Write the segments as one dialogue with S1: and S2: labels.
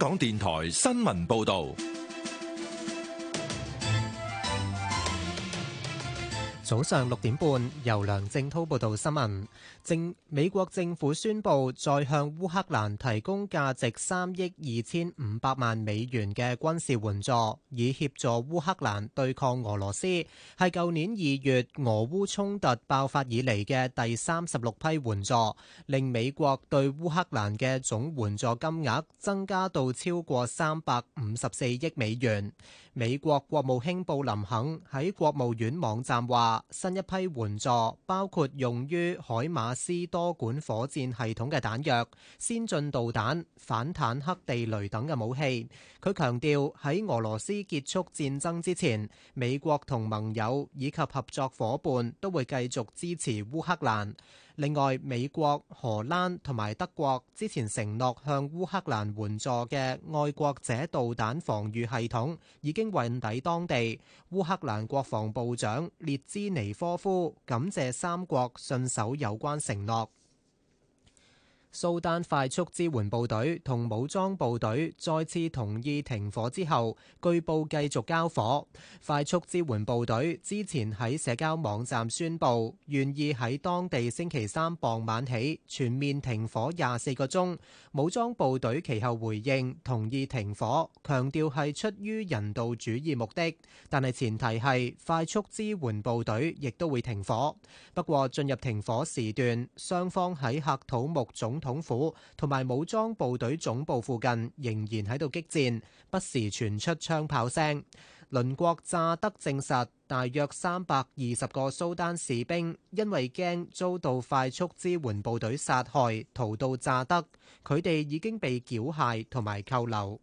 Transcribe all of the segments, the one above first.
S1: 香港電台新聞報道。早
S2: 上六點半，由梁正濤報道新聞。政美國政府宣布再向烏克蘭提供價值三億二千五百萬美元嘅軍事援助，以協助烏克蘭對抗俄羅斯。係舊年二月俄烏衝突爆發以嚟嘅第三十六批援助，令美國對烏克蘭嘅總援助金額增加到超過三百五十四億美元。美國國務卿布林肯喺國務院網站話：新一批援助包括用於海馬斯多管火箭系統嘅彈藥、先進導彈、反坦克地雷等嘅武器。佢強調，喺俄羅斯結束戰爭之前，美國同盟友以及合作夥伴都會繼續支持烏克蘭。另外，美國、荷蘭同埋德國之前承諾向烏克蘭援助嘅愛國者導彈防禦系統已經運抵當地。烏克蘭國防部長列茲尼科夫感謝三國信守有關承諾。蘇丹快速支援部隊同武裝部隊再次同意停火之後，據報繼續交火。快速支援部隊之前喺社交網站宣布願意喺當地星期三傍晚起全面停火廿四個鐘，武裝部隊其後回應同意停火，強調係出於人道主義目的，但係前提係快速支援部隊亦都會停火。不過進入停火時段，雙方喺喀土穆總。統府同埋武裝部隊總部附近仍然喺度激戰，不時傳出槍炮聲。鄰國乍得證實，大約三百二十個蘇丹士兵因為驚遭到快速支援部隊殺害，逃到乍得，佢哋已經被繳械同埋扣留。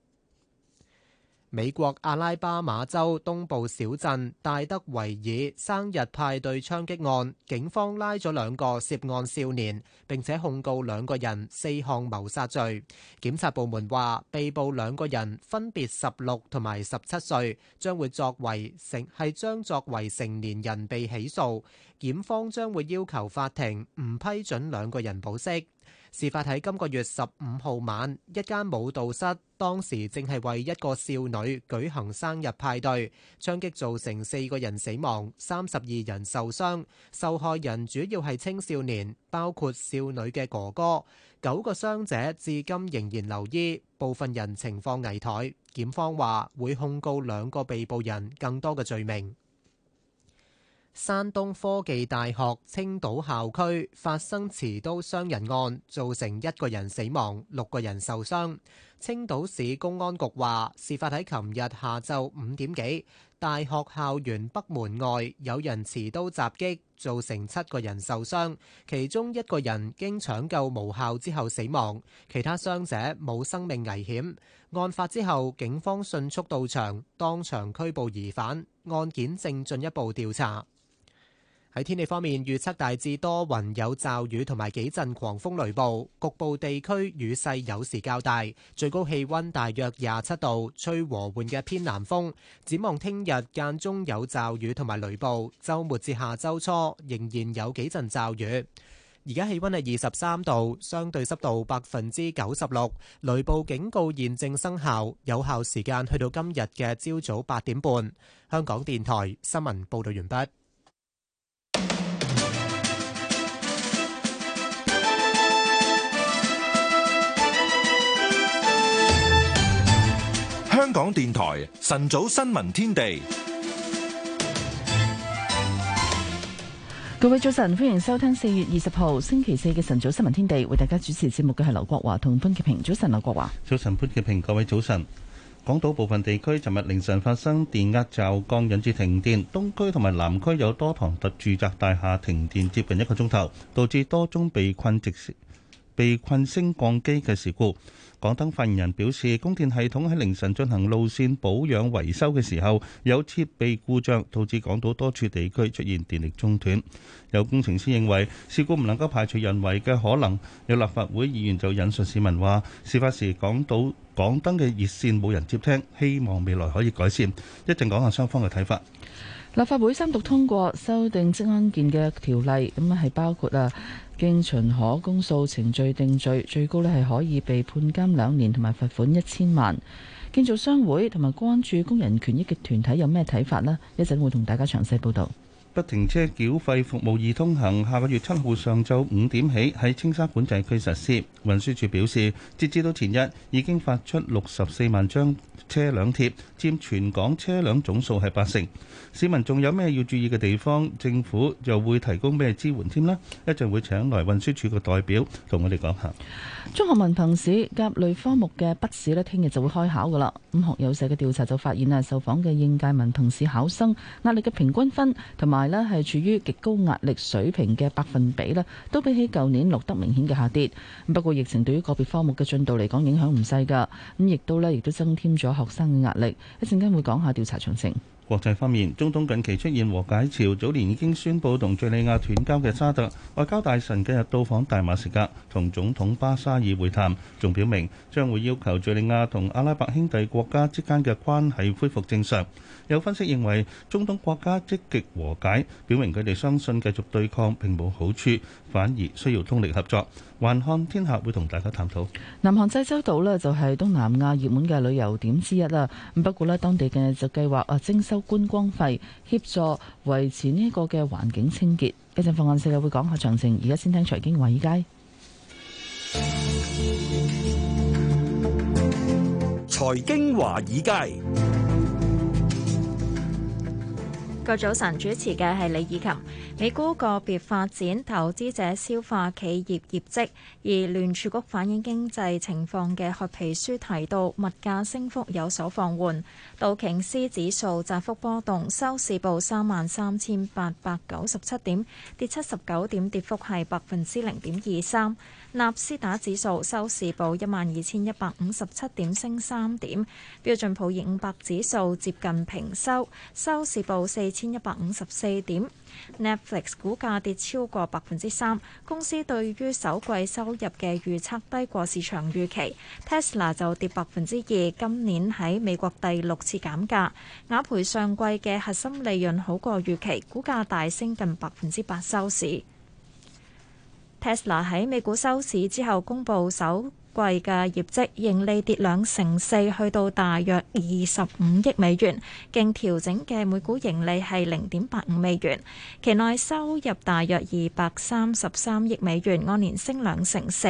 S2: 美國阿拉巴馬州東部小鎮戴德維爾生日派對槍擊案，警方拉咗兩個涉案少年，並且控告兩個人四項謀殺罪。檢察部門話，被捕兩個人分別十六同埋十七歲，將會作為成係將作為成年人被起訴，檢方將會要求法庭唔批准兩個人保釋。事發喺今個月十五號晚，一間舞蹈室當時正係為一個少女舉行生日派對，槍擊造成四個人死亡，三十二人受傷。受害人主要係青少年，包括少女嘅哥哥。九個傷者至今仍然留醫，部分人情況危殆。檢方話會控告兩個被捕人更多嘅罪名。山東科技大學青島校區發生持刀傷人案，造成一個人死亡，六個人受傷。青島市公安局話，事發喺琴日下晝五點幾，大學校園北門外有人持刀襲擊，造成七個人受傷，其中一個人經搶救無效之後死亡，其他傷者冇生命危險。案發之後，警方迅速到場，當場拘捕疑犯，案件正進一步調查。喺天氣方面，預測大致多雲有驟雨同埋幾陣狂風雷暴，局部地區雨勢有時較大，最高氣溫大約廿七度，吹和緩嘅偏南風。展望聽日間中有驟雨同埋雷暴，周末至下周初仍然有幾陣驟雨。而家氣溫係二十三度，相對濕度百分之九十六。雷暴警告現正生效，有效時間去到今日嘅朝早八點半。香港電台新聞報道完畢。
S1: 香港電台晨早新聞天地，
S3: 各位早晨，歡迎收聽四月二十號星期四嘅晨早新聞天地，為大家主持節目嘅係
S4: 劉國華同潘潔平。早晨，劉國華，早晨，潘潔平。各位早晨。港島部分地區尋日凌晨發生電壓驟降，引致停電，東區同埋南區有多幢特住宅大廈停電接近一個鐘頭，導致多宗被困直被困升降機嘅事故。港燈發言人表示，供電系統喺凌晨進行路線保養維修嘅時候，有設備故障，導致港島多處地區出現電力中斷。有工程師認為事故唔能夠排除人為嘅可能。有立法會議員就引述市民話，事發時港島港燈嘅熱線冇人接聽，希望未來可以改善。一陣講下雙方嘅睇法。
S3: 立法會三讀通過修訂職安健嘅條例，咁啊係包括啊。經循可公訴程序定罪，最高呢係可以被判監兩年同埋罰款一千萬。建造商會同埋關注工人權益嘅團體有咩睇法呢？一陣會同大家詳細報道。
S4: 不停車繳費服務易通行，下個月七號上晝五點起喺青山管制區實施。運輸署表示，截至到前日已經發出六十四萬張車輛貼，佔全港車輛總數係八成。市民仲有咩要注意嘅地方？政府又會提供咩支援添呢？一陣會請來運輸署嘅代表同我哋講下。
S3: 中學文憑試甲類科目嘅筆試呢，聽日就會開考噶啦。咁學友社嘅調查就發現啊，受訪嘅應屆文憑試考生壓力嘅平均分同埋。咧係處於極高壓力水平嘅百分比咧，都比起舊年錄得明顯嘅下跌。不過疫情對於個別科目嘅進度嚟講影響唔細噶，咁亦都咧，亦都增添咗學生嘅壓力。一陣間會講下調查詳情。
S4: 國際方面，中東近期出現和解潮，早年已經宣布同敍利亞斷交嘅沙特外交大臣近日到訪大馬士革，同總統巴沙爾會談，仲表明將會要求敍利亞同阿拉伯兄弟國家之間嘅關係恢復正常。有分析認為，中東國家積極和解，表明佢哋相信繼續對抗並冇好處。反而需要通力合作。還看天下會同大家探討。
S3: 南韓濟州島呢，就係東南亞熱門嘅旅遊點之一啦。咁不過呢，當地嘅就計劃啊徵收觀光費，協助維持呢個嘅環境清潔。一陣放眼世界會講下詳情。而家先聽財經華爾街。
S1: 財經華爾街。
S5: 各位早晨，主持嘅係李以琴。美股個別發展，投資者消化企業業績，而聯儲局反映經濟情況嘅褐皮書提到，物價升幅有所放緩。道瓊斯指數窄幅波動，收市報三萬三千八百九十七點，跌七十九點，跌幅係百分之零點二三。納斯達指數收市報一萬二千一百五十七點，升三點。標準普爾五百指數接近平收，收市報四千一百五十四點。Netflix 股價跌超過百分之三，公司對於首季收入嘅預測低過市場預期。Tesla 就跌百分之二，今年喺美國第六次減價。雅培上季嘅核心利潤好過預期，股價大升近百分之八收市。Tesla 喺美股收市之後公佈首。季嘅業績盈利跌兩成四，去到大約二十五億美元，經調整嘅每股盈利係零點八五美元。期內收入大約二百三十三億美元，按年升兩成四。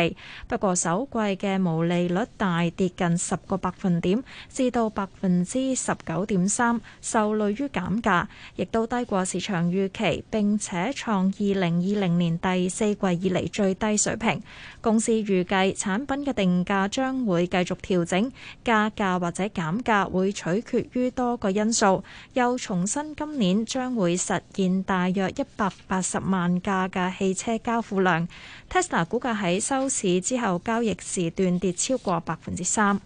S5: 不過首季嘅毛利率大跌近十個百分點，至到百分之十九點三，受累於減價，亦都低過市場預期，並且創二零二零年第四季以嚟最低水平。公司預計產品嘅定價將會繼續調整，加價或者減價會取決於多個因素。又重申今年將會實現大約一百八十萬架嘅汽車交付量。Tesla 股價喺收市之後交易時段跌超過百分之三。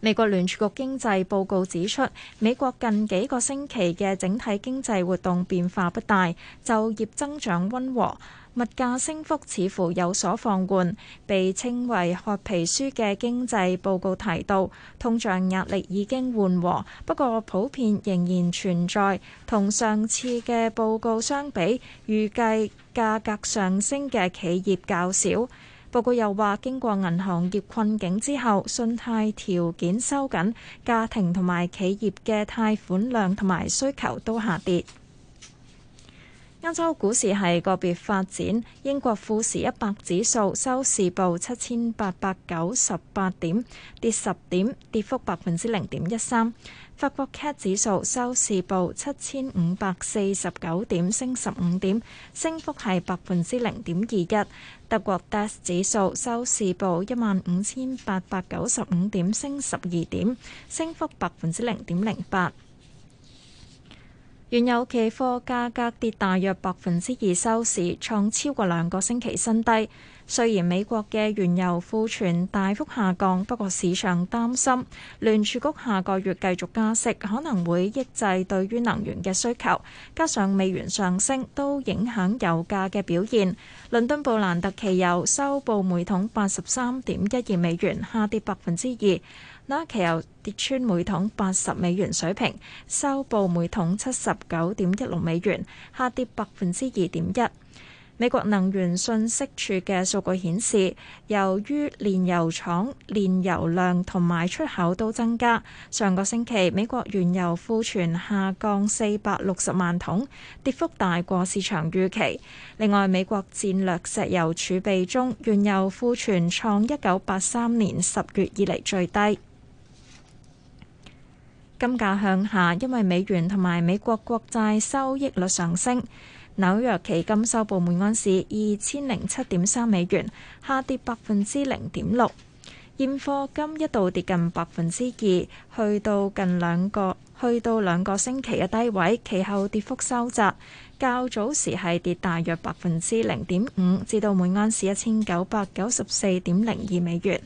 S5: 美國聯儲局經濟報告指出，美國近幾個星期嘅整體經濟活動變化不大，就業增長溫和。物價升幅似乎有所放緩，被稱為褐皮書嘅經濟報告提到，通脹壓力已經緩和，不過普遍仍然存在。同上次嘅報告相比，預計價格上升嘅企業較少。報告又話，經過銀行業困境之後，信貸條件收緊，家庭同埋企業嘅貸款量同埋需求都下跌。歐洲股市係個別發展，英國富時一百指數收市報七千八百九十八點，跌十點，跌幅百分之零點一三。法國 CAC 指數收市報七千五百四十九點，升十五點，升幅係百分之零點二一。德國 DAX 指數收市報一萬五千八百九十五點，升十二點，升幅百分之零點零八。原油期貨價格跌大約百分之二收市，創超過兩個星期新低。雖然美國嘅原油庫存大幅下降，不過市場擔心聯儲局下個月繼續加息可能會抑制對於能源嘅需求，加上美元上升都影響油價嘅表現。倫敦布蘭特期油收報每桶八十三點一二美元，下跌百分之二。期油跌穿每桶八十美元水平，收報每桶七十九點一六美元，下跌百分之二點一。美國能源信息處嘅數據顯示，由於煉油廠煉油量同埋出口都增加，上個星期美國原油庫存下降四百六十萬桶，跌幅大過市場預期。另外，美國戰略石油儲備中原油庫存創一九八三年十月以嚟最低。金價向下，因為美元同埋美國國債收益率上升。紐約期金收報每盎司二千零七點三美元，下跌百分之零點六。現貨金一度跌近百分之二，去到近兩個去到兩個星期嘅低位，其後跌幅收窄。較早時係跌大約百分之零點五，至到每盎司一千九百九十四點零二美元。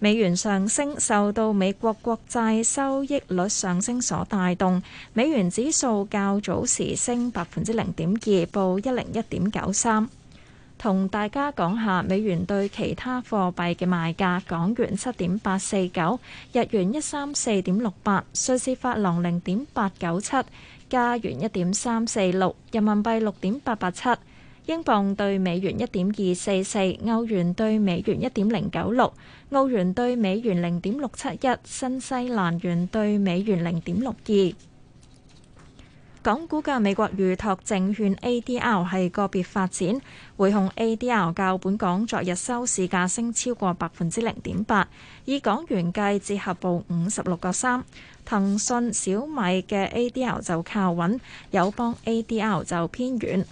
S5: 美元上升，受到美國國債收益率上升所帶動。美元指數較早時升百分之零點二，報一零一點九三。同大家講下美元對其他貨幣嘅賣價：港元七點八四九，日元一三四點六八，瑞士法郎零點八九七，加元一點三四六，人民幣六點八八七。英鎊兌美元一點二四四，歐元兌美元一點零九六，澳元兌美元零點六七一，新西蘭元兌美元零點六二。港股嘅美國預託證券 ADR 係個別發展，匯控 ADR 較本港昨日收市價升超過百分之零點八，以港元計折合報五十六個三。騰訊、小米嘅 ADR 就靠穩，友邦 ADR 就偏軟。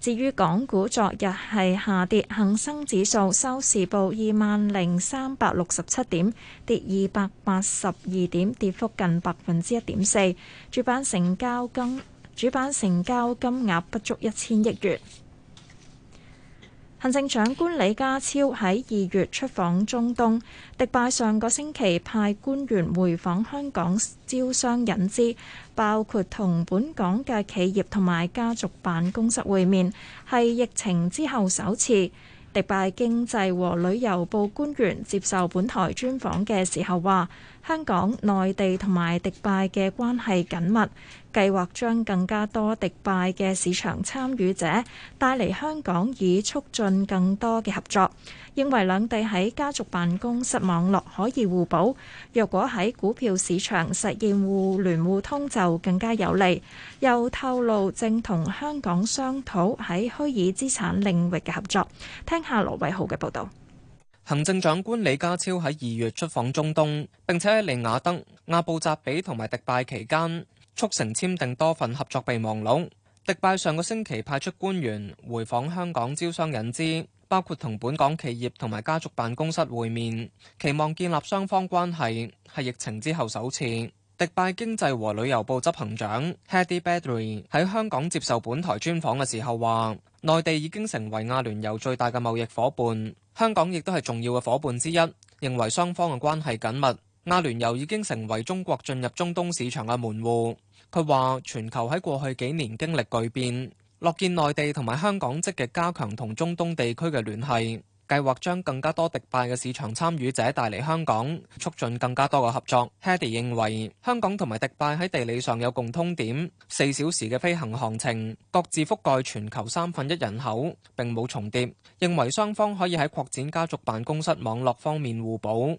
S5: 至於港股昨日係下跌，恒生指數收市報二萬零三百六十七點，跌二百八十二點，跌幅近百分之一點四。主板成交金，主板成交金額不足一千億元。行政長官李家超喺二月出訪中東，迪拜上個星期派官員回訪香港招商引資，包括同本港嘅企業同埋家族辦公室會面，係疫情之後首次。迪拜經濟和旅遊部官員接受本台專訪嘅時候話，香港內地同埋迪拜嘅關係緊密。計劃將更加多迪拜嘅市場參與者帶嚟香港，以促進更多嘅合作。認為兩地喺家族辦公室網絡可以互補，若果喺股票市場實現互聯互通就更加有利。又透露正同香港商討喺虛擬資產領域嘅合作。聽下羅偉豪嘅報導。
S6: 行政長官李家超喺二月出訪中東，並且喺利雅得、阿布扎比同埋迪拜期間，促成簽訂多份合作備忘錄。迪拜上個星期派出官員回訪香港招商引資，包括同本港企業同埋家族辦公室會面，期望建立雙方關係，係疫情之後首次。迪拜經濟和旅遊部執行長 Hadi Battery 喺香港接受本台專訪嘅時候話，內地已經成為阿聯酋最大嘅貿易伙伴，香港亦都係重要嘅伙伴之一。認為雙方嘅關係緊密，阿聯酋已經成為中國進入中東市場嘅門戶。佢話：全球喺過去幾年經歷巨變，樂見內地同埋香港積極加強同中東地區嘅聯繫，計劃將更加多迪拜嘅市場參與者帶嚟香港，促進更加多嘅合作。Hedy 認為香港同埋迪拜喺地理上有共通點，四小時嘅飛行行程，各自覆蓋全球三分一人口並冇重疊，認為雙方可以喺擴展家族辦公室網絡方面互補。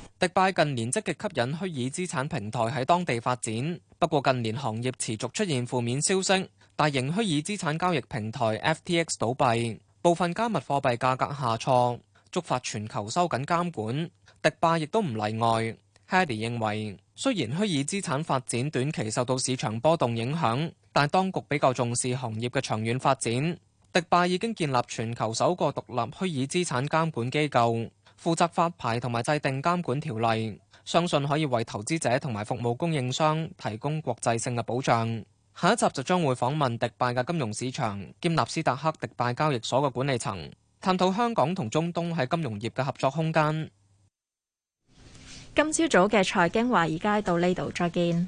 S6: 迪拜近年積極吸引虛擬資產平台喺當地發展，不過近年行業持續出現負面消息，大型虛擬資產交易平台 FTX 倒閉，部分加密貨幣價格下挫，觸發全球收緊監管，迪拜亦都唔例外。Hady 認為，雖然虛擬資產發展短期受到市場波動影響，但當局比較重視行業嘅長遠發展。迪拜已經建立全球首個獨立虛擬資產監管機構。負責發牌同埋制定監管條例，相信可以為投資者同埋服務供應商提供國際性嘅保障。下一集就將會訪問迪拜嘅金融市場兼納斯達克迪拜交易所嘅管理層，探討香港同中東喺金融業嘅合作空間。
S5: 今朝早嘅財經話而家到呢度，再見。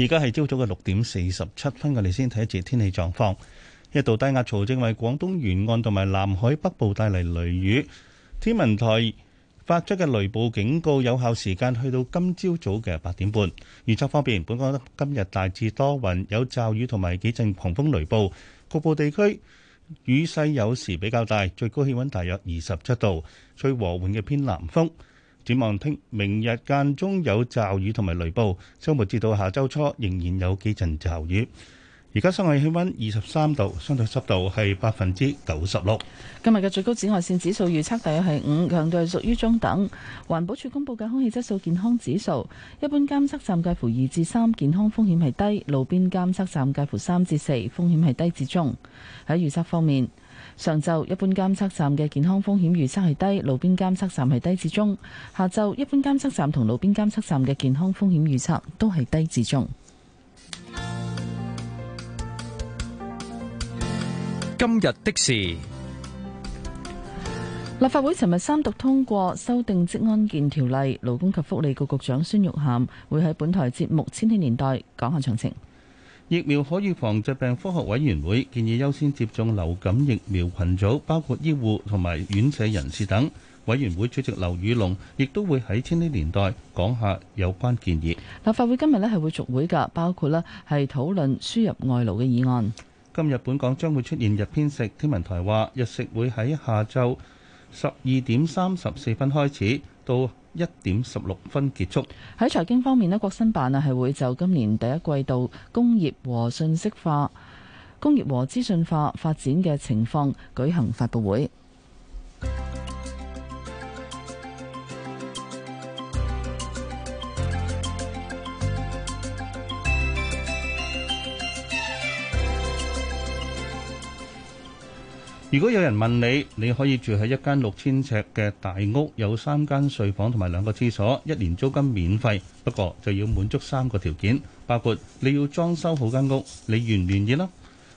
S4: 而家係朝早嘅六點四十七分，我哋先睇一節天氣狀況。一道低壓槽正為廣東沿岸同埋南海北部帶嚟雷雨，天文台發出嘅雷暴警告有效時間去到今朝早嘅八點半。預測方面，本港今日大致多雲，有驟雨同埋幾陣狂風雷暴，局部地區雨勢有時比較大，最高氣溫大約二十七度，吹和緩嘅偏南風。展望聽明日間中有驟雨同埋雷暴，周末至到下周初仍然有幾陣驟雨。而家室外氣溫二十三度，相對濕度係百分之九十六。
S3: 今日嘅最高紫外線指數預測大約係五，強度屬於中等。環保署公布嘅空氣質素健康指數，一般監測站介乎二至三，健康風險係低；路邊監測站介乎三至四，風險係低至中。喺預測方面。上晝一般監測站嘅健康風險預測係低，路邊監測站係低至中。下晝一般監測站同路邊監測站嘅健康風險預測都係低至中。
S7: 今日的事，
S3: 立法會尋日三讀通過修訂職安健條例，勞工及福利局局長孫玉菡會喺本台節目《千禧年代》講下詳情。
S4: 疫苗可預防疾病科學委員會建議優先接種流感疫苗群組，包括醫護同埋院舍人士等。委員會主席劉宇龍亦都會喺千禧年代講下有關建議。
S3: 立法會今日咧係會續會噶，包括啦，係討論輸入外勞嘅議案。
S4: 今日本港將會出現日偏食，天文台話日食會喺下晝十二點三十四分開始到。一點十六分結束。
S3: 喺財經方面呢，國新辦啊係會就今年第一季度工業和信息化、工業和資訊化發展嘅情況舉行發佈會。
S4: 如果有人問你，你可以住喺一間六千尺嘅大屋，有三間睡房同埋兩個廁所，一年租金免費，不過就要滿足三個條件，包括你要裝修好間屋，你願唔願意啦？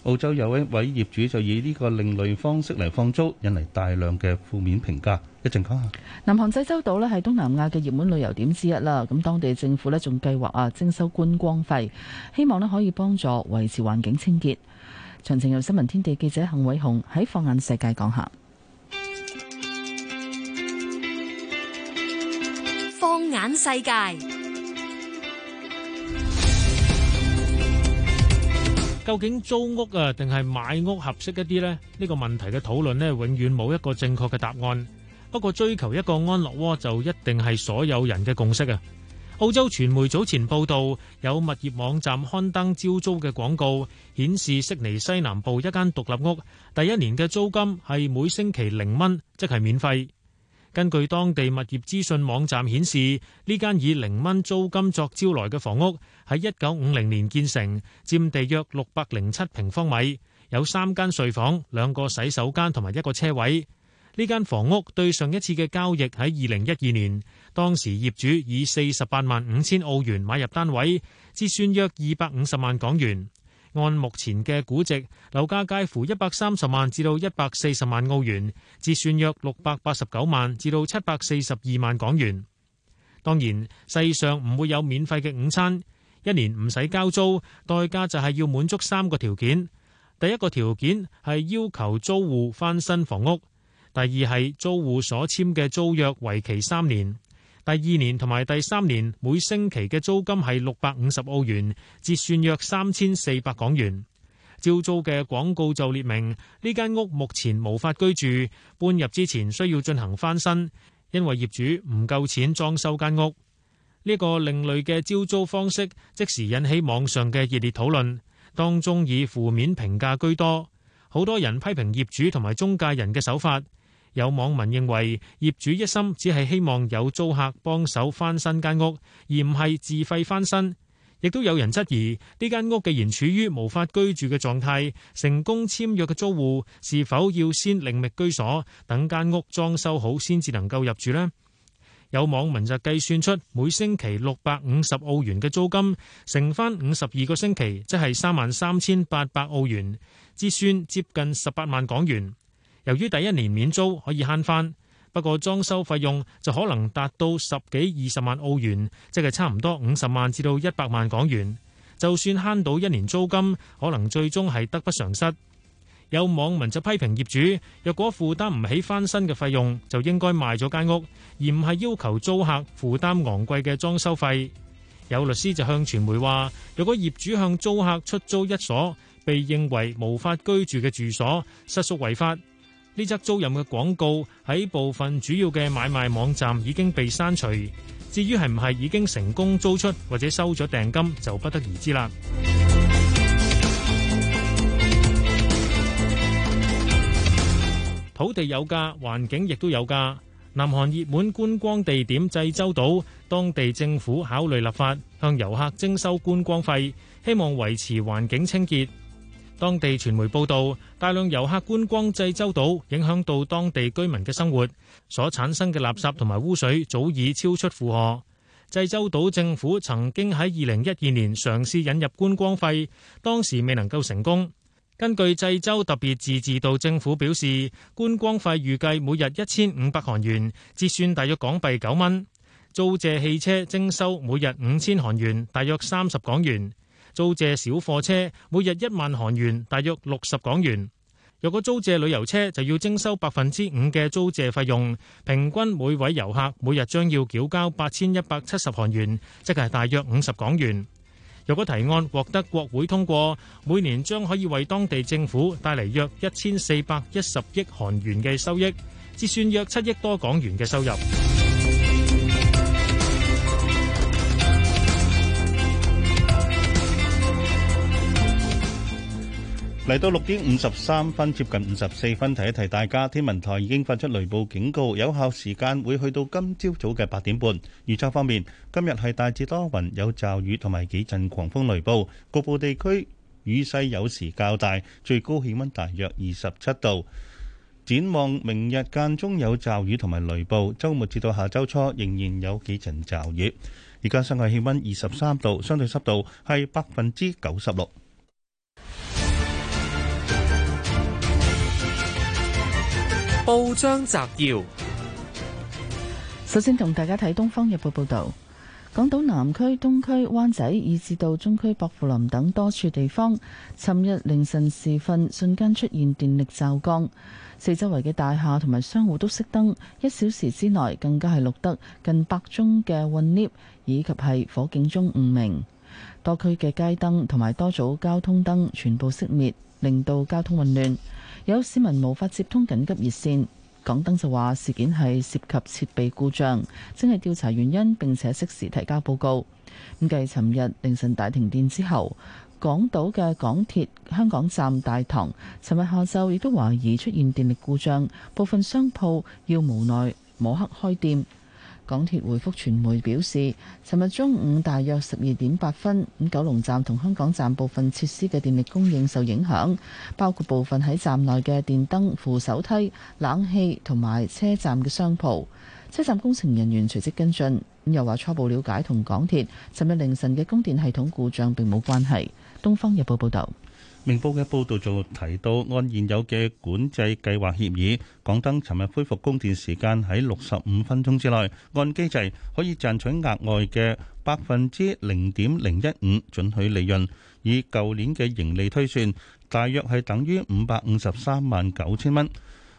S4: 澳洲有一位業主就以呢個另類方式嚟放租，引嚟大量嘅負面評價，講一陣講下。
S3: 南韓濟州島咧係東南亞嘅熱門旅遊點之一啦，咁當地政府咧仲計劃啊徵收觀光費，希望呢可以幫助維持環境清潔。詳情由新聞天地記者幸偉雄喺放眼世界講下。
S8: 放眼世界，
S9: 究竟租屋啊定係買屋合適一啲呢？呢個問題嘅討論呢，永遠冇一個正確嘅答案。不過追求一個安樂窩就一定係所有人嘅共識啊！澳洲傳媒早前報道，有物業網站刊登招租嘅廣告，顯示悉尼西南部一間獨立屋，第一年嘅租金係每星期零蚊，即係免費。根據當地物業資訊網站顯示，呢間以零蚊租金作招來嘅房屋，喺一九五零年建成，佔地約六百零七平方米，有三間睡房、兩個洗手間同埋一個車位。呢間房屋對上一次嘅交易喺二零一二年，當時業主以四十八萬五千澳元買入單位，折算約二百五十萬港元。按目前嘅估值，樓價介乎一百三十萬至到一百四十萬澳元，折算約六百八十九萬至到七百四十二萬港元。當然，世上唔會有免費嘅午餐，一年唔使交租，代價就係要滿足三個條件。第一個條件係要求租戶翻新房屋。第二係租戶所簽嘅租約為期三年，第二年同埋第三年每星期嘅租金係六百五十澳元，折算約三千四百港元。招租嘅廣告就列明呢間屋目前無法居住，搬入之前需要進行翻新，因為業主唔夠錢裝修間屋。呢個另類嘅招租方式即時引起網上嘅熱烈討論，當中以負面評價居多，好多人批評業主同埋中介人嘅手法。有網民認為業主一心只係希望有租客幫手翻新間屋，而唔係自費翻新。亦都有人質疑呢間屋既然處於無法居住嘅狀態，成功簽約嘅租戶是否要先另覓居所，等間屋裝修好先至能夠入住呢？有網民就計算出每星期六百五十澳元嘅租金，乘返五十二個星期，即係三萬三千八百澳元，折算接近十八萬港元。由於第一年免租可以慳翻，不過裝修費用就可能達到十幾二十萬澳元，即係差唔多五十萬至到一百萬港元。就算慳到一年租金，可能最終係得不償失。有網民就批評業主，若果負擔唔起翻新嘅費用，就應該賣咗間屋，而唔係要求租客負擔昂貴嘅裝修費。有律師就向傳媒話，若果業主向租客出租一所被認為無法居住嘅住所，實屬違法。呢則租賃嘅廣告喺部分主要嘅買賣網站已經被刪除。至於係唔係已經成功租出或者收咗訂金，就不得而知啦。 土地有價，環境亦都有價。南韓熱門觀光地點濟州島，當地政府考慮立法，向遊客徵收觀光費，希望維持環境清潔。當地傳媒報道，大量遊客觀光濟州島，影響到當地居民嘅生活，所產生嘅垃圾同埋污水早已超出負荷。濟州島政府曾經喺二零一二年嘗試引入觀光費，當時未能夠成功。根據濟州特別自治道政府表示，觀光費預計每日一千五百韓元，折算大約港幣九蚊；租借汽車徵收每日五千韓元，大約三十港元。租借小貨車每日一萬韓元，大約六十港元。若果租借旅遊車，就要徵收百分之五嘅租借費用，平均每位遊客每日將要繳交八千一百七十韓元，即係大約五十港元。若果提案獲得國會通過，每年將可以為當地政府帶嚟約一千四百一十億韓元嘅收益，折算約七億多港元嘅收入。
S4: 嚟到六點五十三分，接近五十四分，提一提大家，天文台已經發出雷暴警告，有效時間會去到今朝早嘅八點半。預測方面，今日係大致多雲，有驟雨同埋幾陣狂風雷暴，局部地區雨勢有時較大，最高氣溫大約二十七度。展望明日間中有驟雨同埋雷暴，周末至到下周初仍然有幾陣驟雨。而家室外氣溫二十三度，相對濕度係百分之九十六。
S10: 報章摘要：
S3: 首先同大家睇《東方日報》報道，港島南區、東區、灣仔、以至到中區、薄扶林等多處地方，尋日凌晨時分，瞬間出現電力驟降，四周圍嘅大廈同埋商戶都熄燈，一小時之內更加係錄得近百宗嘅困 𨋢，以及係火警鐘、誤鳴多區嘅街燈同埋多組交通燈全部熄滅，令到交通混亂。有市民無法接通緊急熱線，港燈就話事件係涉及設備故障，正係調查原因並且適時提交報告。咁繼，尋日凌晨大停電之後，港島嘅港鐵香港站大堂，尋日下晝亦都懷疑出現電力故障，部分商鋪要無奈摸黑開店。港鐵回覆傳媒表示，尋日中午大約十二點八分，咁九龍站同香港站部分設施嘅電力供應受影響，包括部分喺站內嘅電燈、扶手梯、冷氣同埋車站嘅商鋪。車站工程人員隨即跟進，又話初步了解同港鐵尋日凌晨嘅供電系統故障並冇關係。《東方日報》報導。
S4: 明報嘅報導就提到，按現有嘅管制計劃協議，港燈尋日恢復供電時間喺六十五分鐘之內，按機制可以賺取額外嘅百分之零點零一五準許利潤，以舊年嘅盈利推算，大約係等於五百五十三萬九千蚊。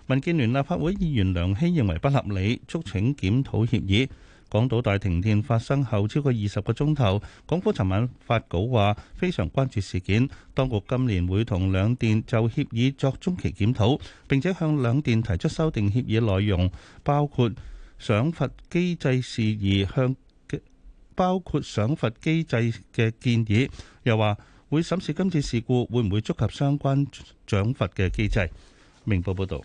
S4: 民建聯立法會議員梁希認為不合理，促請檢討協議。港島大停電發生後超過二十個鐘頭，港府尋晚發稿話非常關注事件，當局今年會同兩電就協議作中期檢討，並且向兩電提出修訂協議內容，包括賞罰機制事宜向包括賞罰機制嘅建議。又話會審視今次事故會唔會觸及相關獎罰嘅機制。明報報道。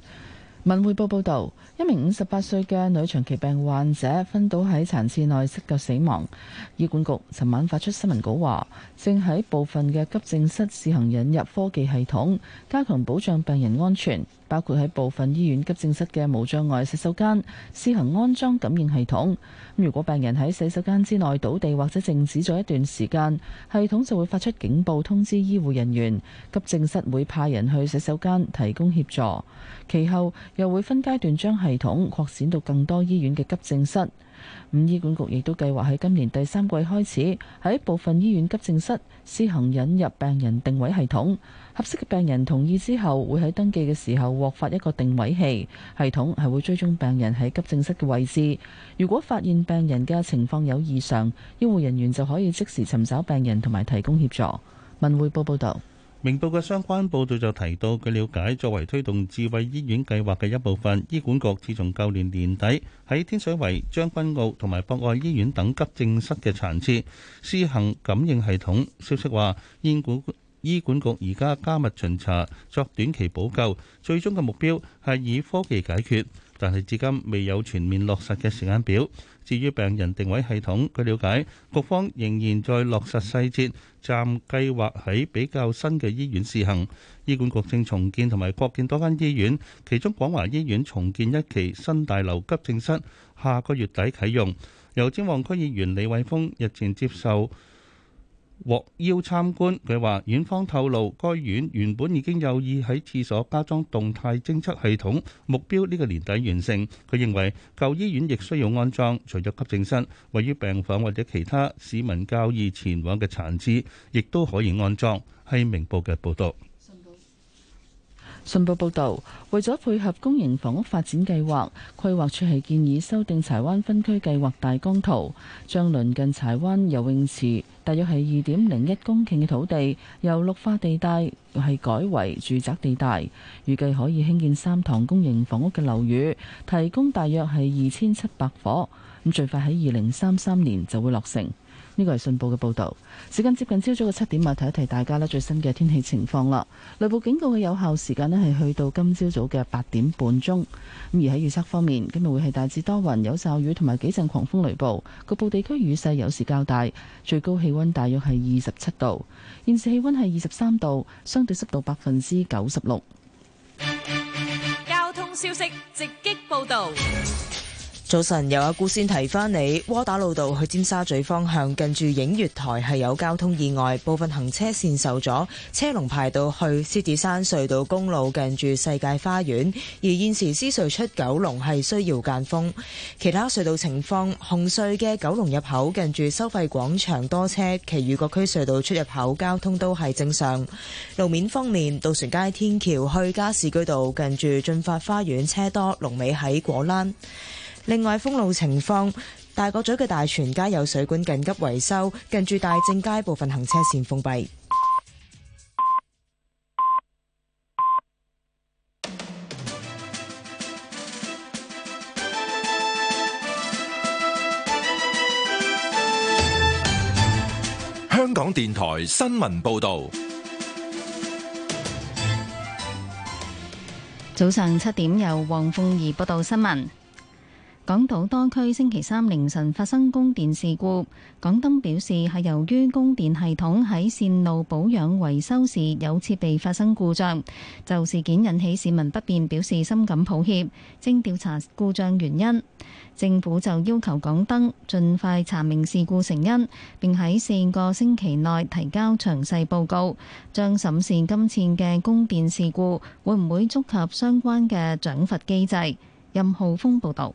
S3: 文匯報報道，一名五十八歲嘅女長期病患者分到喺診室內失救死亡。醫管局尋晚發出新聞稿話，正喺部分嘅急症室試行引入科技系統，加強保障病人安全。包括喺部分醫院急症室嘅無障礙洗手間，試行安裝感應系統。如果病人喺洗手間之內倒地或者靜止咗一段時間，系統就會發出警報通知醫護人員，急症室會派人去洗手間提供協助。其後又會分階段將系統擴展到更多醫院嘅急症室。咁醫管局亦都計劃喺今年第三季開始，喺部分醫院急症室試行引入病人定位系統。合適嘅病人同意之後，會喺登記嘅時候獲發一個定位器，系統係會追蹤病人喺急症室嘅位置。如果發現病人嘅情況有異常，醫護人員就可以即時尋找病人同埋提供協助。文匯報報道，
S4: 明報嘅相關報導就提到，據了解，作為推動智慧醫院計劃嘅一部分，醫管局自從舊年年底喺天水圍、將軍澳同埋博愛醫院等急症室嘅殘次施行感應系統。消息話，醫管局。醫管局而家加密巡查，作短期補救，最終嘅目標係以科技解決，但係至今未有全面落實嘅時間表。至於病人定位系統，據了解，局方仍然在落實細節，暫計劃喺比較新嘅醫院試行。醫管局正重建同埋擴建多間醫院，其中廣華醫院重建一期新大樓急症室，下個月底啟用。由尖旺區議員李偉峰日前接受，獲邀參觀，佢話院方透露，該院原本已經有意喺廁所加裝動態偵測系統，目標呢個年底完成。佢認為舊醫院亦需要安裝，除咗急症室，位於病房或者其他市民較易前往嘅殘廁，亦都可以安裝。係明報嘅報導。
S3: 信報報導，為咗配合公營房屋發展計劃，規劃處係建議修訂柴灣分區計劃大綱圖，將鄰近柴灣游泳池，大約係二點零一公頃嘅土地由綠化地帶係改為住宅地帶，預計可以興建三幢公營房屋嘅樓宇，提供大約係二千七百伙。咁最快喺二零三三年就會落成。呢個係信報嘅報道，時間接近朝早嘅七點啊，提一提大家呢，最新嘅天氣情況啦。雷暴警告嘅有效時間呢係去到今朝早嘅八點半鐘。咁而喺預測方面，今日會係大致多雲，有驟雨同埋幾陣狂風雷暴，局部地區雨勢有時較大，最高氣溫大約係二十七度，現時氣溫係二十三度，相對濕度百分之九十六。
S5: 交通消息直擊報道。
S3: 早晨，有阿姑先提翻你
S11: 窩打老道去尖沙咀方向，近住映月台係有交通意外，部分行車線受阻，車龍排到去獅子山隧道公路，近住世界花園。而現時獅隧出九龍係需要間封，其他隧道情況，紅隧嘅九龍入口近住收費廣場多車，其餘各區隧道出入口交通都係正常。路面方面，渡船街天橋去加士居道，近住駿發花園車多，龍尾喺果欄。另外，封路情況，大角咀嘅大全街有水管緊急維修，近住大正街部分行車線封閉。
S1: 香港電台新聞報道，
S8: 早上七點由黃鳳儀報道新聞。港島多區星期三凌晨發生供電事故，港燈表示係由於供電系統喺線路保養維修時有設備發生故障，就事件引起市民不便表示深感抱歉，正調查故障原因。政府就要求港燈盡快查明事故成因，並喺四個星期內提交詳細報告，將審視今次嘅供電事故會唔會觸及相關嘅獎罰機制。任浩峰報導。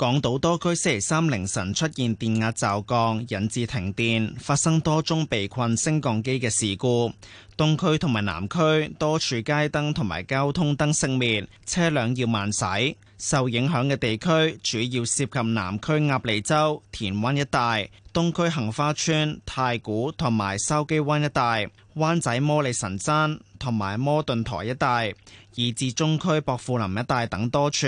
S12: 港島多區星期三凌晨出現電壓驟降，引致停電，發生多宗被困升降機嘅事故。東區同埋南區多處街燈同埋交通燈熄滅，車輛要慢駛。受影響嘅地區主要涉及南區鴨脷洲、田灣一帶，東區杏花邨、太古同埋筲箕灣一帶，灣仔摩利臣山同埋摩頓台一帶。以至中區薄扶林一帶等多處，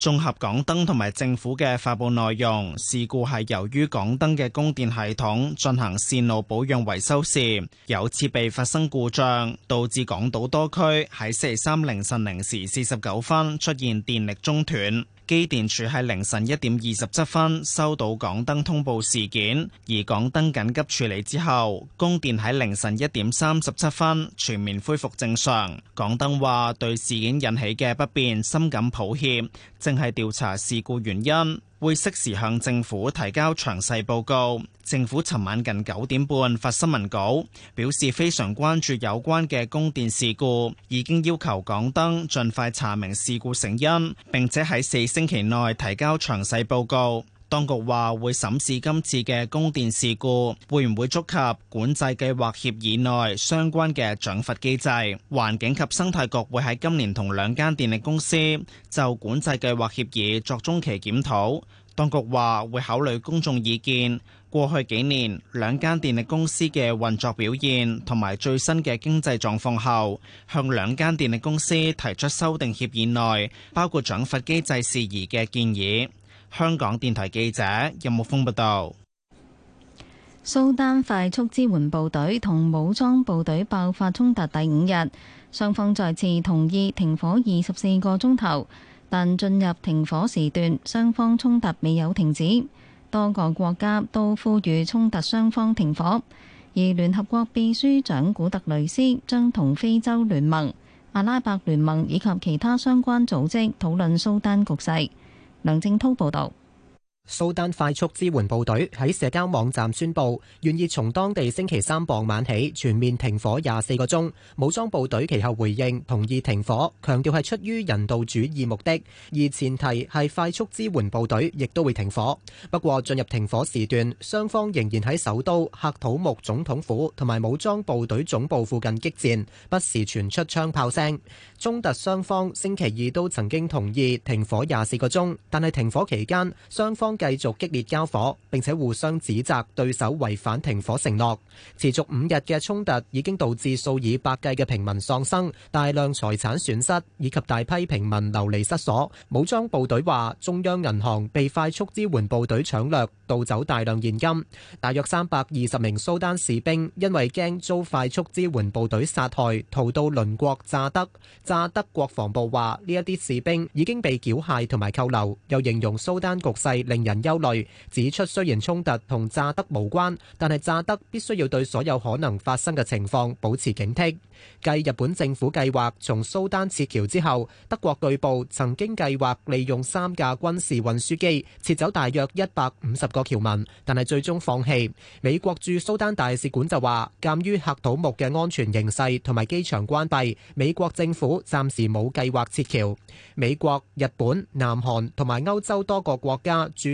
S12: 綜合港燈同埋政府嘅發佈內容，事故係由於港燈嘅供電系統進行線路保養維修時，有設備發生故障，導致港島多區喺星期三凌晨零時四十九分出現電力中斷。機電處喺凌晨一點二十七分收到港燈通報事件，而港燈緊急處理之後，供電喺凌晨一點三十七分全面恢復正常。港燈話對事件引起嘅不便深感抱歉，正喺調查事故原因。會適時向政府提交詳細報告。政府尋晚近九點半發新聞稿，表示非常關注有關嘅供電事故，已經要求港燈盡快查明事故成因，並且喺四星期內提交詳細報告。當局話會審視今次嘅供電事故會唔會觸及管制計劃協議內相關嘅獎罰機制。環境及生態局會喺今年同兩間電力公司就管制計劃協議作中期檢討。當局話會考慮公眾意見，過去幾年兩間電力公司嘅運作表現同埋最新嘅經濟狀況後，向兩間電力公司提出修訂協議內包括獎罰機制事宜嘅建議。香港電台記者任木峰報道。有
S8: 有蘇丹快速支援部隊同武裝部隊爆發衝突第五日，雙方再次同意停火二十四個鐘頭。但進入停火時段，雙方衝突未有停止，多個國家都呼籲衝突雙方停火。而聯合國秘書長古特雷斯將同非洲聯盟、阿拉伯聯盟以及其他相關組織討論蘇丹局勢。梁正滔報導。蘇丹快
S2: 速支援部隊喺社交網站宣布，願意從當地星期三傍晚起全面停火廿四個鐘。武裝部隊其後回應同意停火，強調係出於人道主義目的，而前提係快速支援部隊亦都會停火。不過進入停火時段，雙方仍然喺首都喀土木總統府同埋武裝部隊總部附近激戰，不時傳出槍炮聲。衝突雙方星期二都曾經同意停火廿四個鐘，但係停火期間雙方。繼續激烈交火，並且互相指責對手違反停火承諾。持續五日嘅衝突已經導致數以百計嘅平民喪生，大量財產損失以及大批平民流離失所。武裝部隊話，中央銀行被快速支援部隊搶掠，盜走大量現金。大約三百二十名蘇丹士兵因為驚遭快速支援部隊殺害，逃到鄰國乍得。乍得國防部話，呢一啲士兵已經被繳械同埋扣留，又形容蘇丹局勢令。人憂慮，指出，雖然衝突同乍得無關，但係乍得必須要對所有可能發生嘅情況保持警惕。繼日本政府計劃從蘇丹撤僑之後，德國據報曾經計劃利用三架軍事運輸機撤走大約一百五十個僑民，但係最終放棄。美國駐蘇丹大使館就話，鑑於喀土穆嘅安全形勢同埋機場關閉，美國政府暫時冇計劃撤僑。美國、日本、南韓同埋歐洲多個國家駐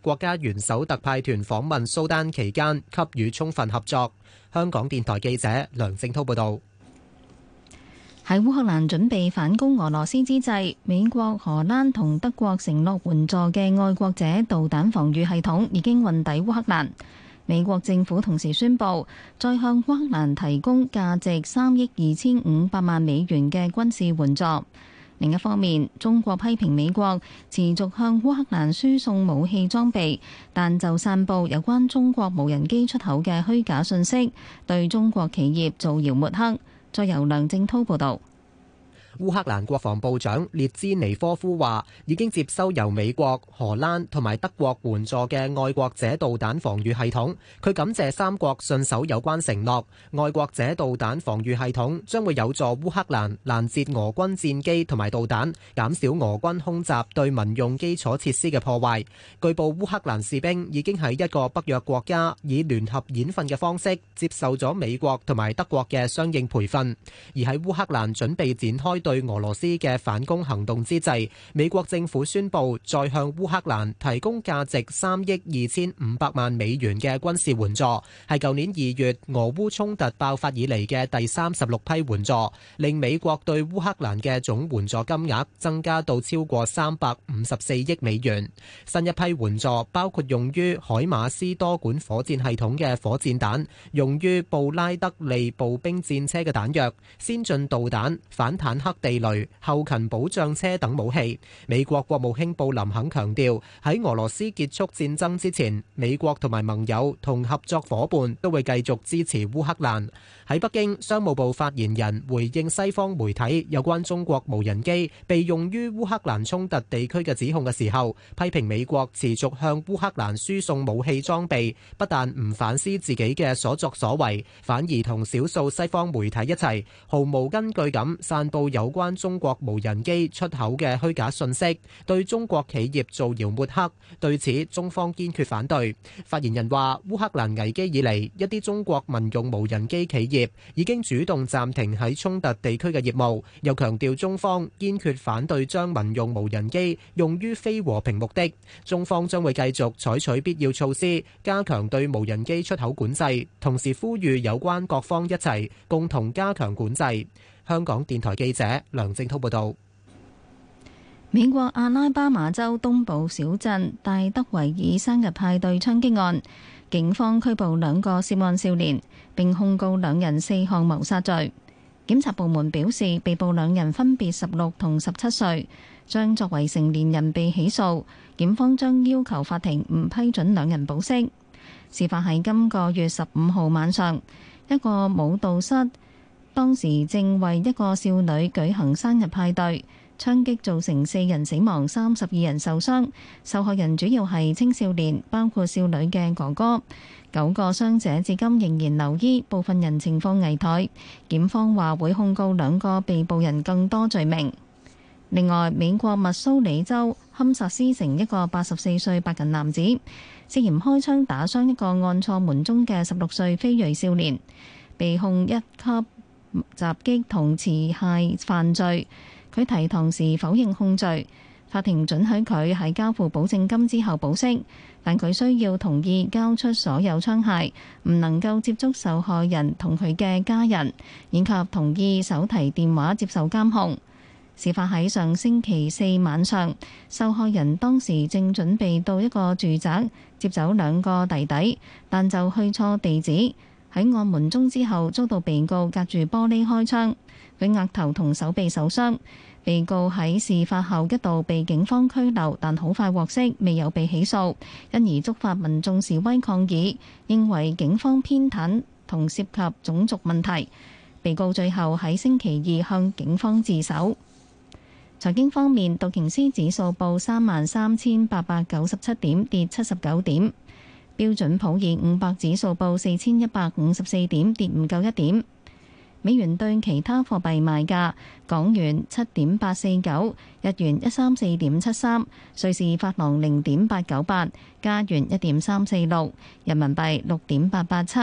S2: 國家元首特派團訪問蘇丹期間，給予充分合作。香港電台記者梁正滔報導。
S8: 喺烏克蘭準備反攻俄羅斯之際，美國、荷蘭同德國承諾援助嘅愛國者導彈防禦系統已經運抵烏克蘭。美國政府同時宣布，再向烏克蘭提供價值三億二千五百萬美元嘅軍事援助。另一方面，中國批評美國持續向烏克蘭輸送武器裝備，但就散布有關中國無人機出口嘅虛假信息，對中國企業造謠抹黑。再由梁正濤報導。
S2: 烏克蘭國防部長列茲尼科夫話，已經接收由美國、荷蘭同埋德國援助嘅愛國者導彈防御系統。佢感謝三國信守有關承諾。愛國者導彈防御系統將會有助烏克蘭攔截俄軍戰機同埋導彈，減少俄軍空襲對民用基礎設施嘅破壞。據報烏克蘭士兵已經喺一個北約國家以聯合演訓嘅方式接受咗美國同埋德國嘅相應培訓，而喺烏克蘭準備展開。對俄羅斯嘅反攻行動之際，美國政府宣布再向烏克蘭提供價值三億二千五百萬美元嘅軍事援助，係舊年二月俄烏衝突爆發以嚟嘅第三十六批援助，令美國對烏克蘭嘅總援助金額增加到超過三百五十四億美元。新一批援助包括用於海馬斯多管火箭系統嘅火箭彈，用於布拉德利步兵戰車嘅彈藥，先進導彈，反坦克。地雷、後勤保障車等武器。美國國務卿布林肯強調，喺俄羅斯結束戰爭之前，美國同埋盟友同合作伙伴都會繼續支持烏克蘭。喺北京，商務部發言人回應西方媒體有關中國無人機被用於烏克蘭衝突地區嘅指控嘅時候，批評美國持續向烏克蘭輸送武器裝備，不但唔反思自己嘅所作所為，反而同少數西方媒體一齊毫無根據咁散布有。有關中國無人機出口嘅虛假信息，對中國企業造謠抹黑，對此中方堅決反對。發言人話：烏克蘭危機以嚟，一啲中國民用無人機企業已經主動暫停喺衝突地區嘅業務，又強調中方堅決反對將民用無人機用於非和平目的。中方將會繼續採取必要措施，加強對無人機出口管制，同時呼籲有關各方一齊共同加強管制。香港電台記者梁正濤報道：
S8: 美國阿拉巴馬州東部小鎮戴德維爾生日派對槍擊案，警方拘捕兩個涉案少年，並控告兩人四項謀殺罪。檢察部門表示，被捕兩人分別十六同十七歲，將作為成年人被起訴。檢方將要求法庭唔批准兩人保釋。事發喺今個月十五號晚上，一個舞蹈室。當時正為一個少女舉行生日派對，槍擊造成四人死亡，三十二人受傷，受害人主要係青少年，包括少女嘅哥哥。九個傷者至今仍然留醫，部分人情況危殆。檢方話會控告兩個被捕人更多罪名。另外，美國密蘇里州堪薩斯城一個八十四歲白人男子，涉嫌開槍打傷一個按錯門鐘嘅十六歲非裔少年，被控一級襲擊同持械犯罪，佢提堂時否認控罪。法庭准許佢喺交付保證金之後保釋，但佢需要同意交出所有槍械，唔能夠接觸受害人同佢嘅家人，以及同意手提電話接受監控。事發喺上星期四晚上，受害人當時正準備到一個住宅接走兩個弟弟，但就去錯地址。喺案門中之後，遭到被告隔住玻璃開槍，佢額頭同手臂受傷。被告喺事發後一度被警方拘留，但好快獲釋，未有被起訴，因而觸發民眾示威抗議，認為警方偏袒同涉及種族問題。被告最後喺星期二向警方自首。財經方面，道瓊斯指數報三萬三千八百九十七點，跌七十九點。標準普爾五百指數報四千一百五十四點，跌唔夠一點。美元對其他貨幣賣價：港元七點八四九，日元一三四點七三，瑞士法郎零點八九八，加元一點三四六，人民幣六點八八七，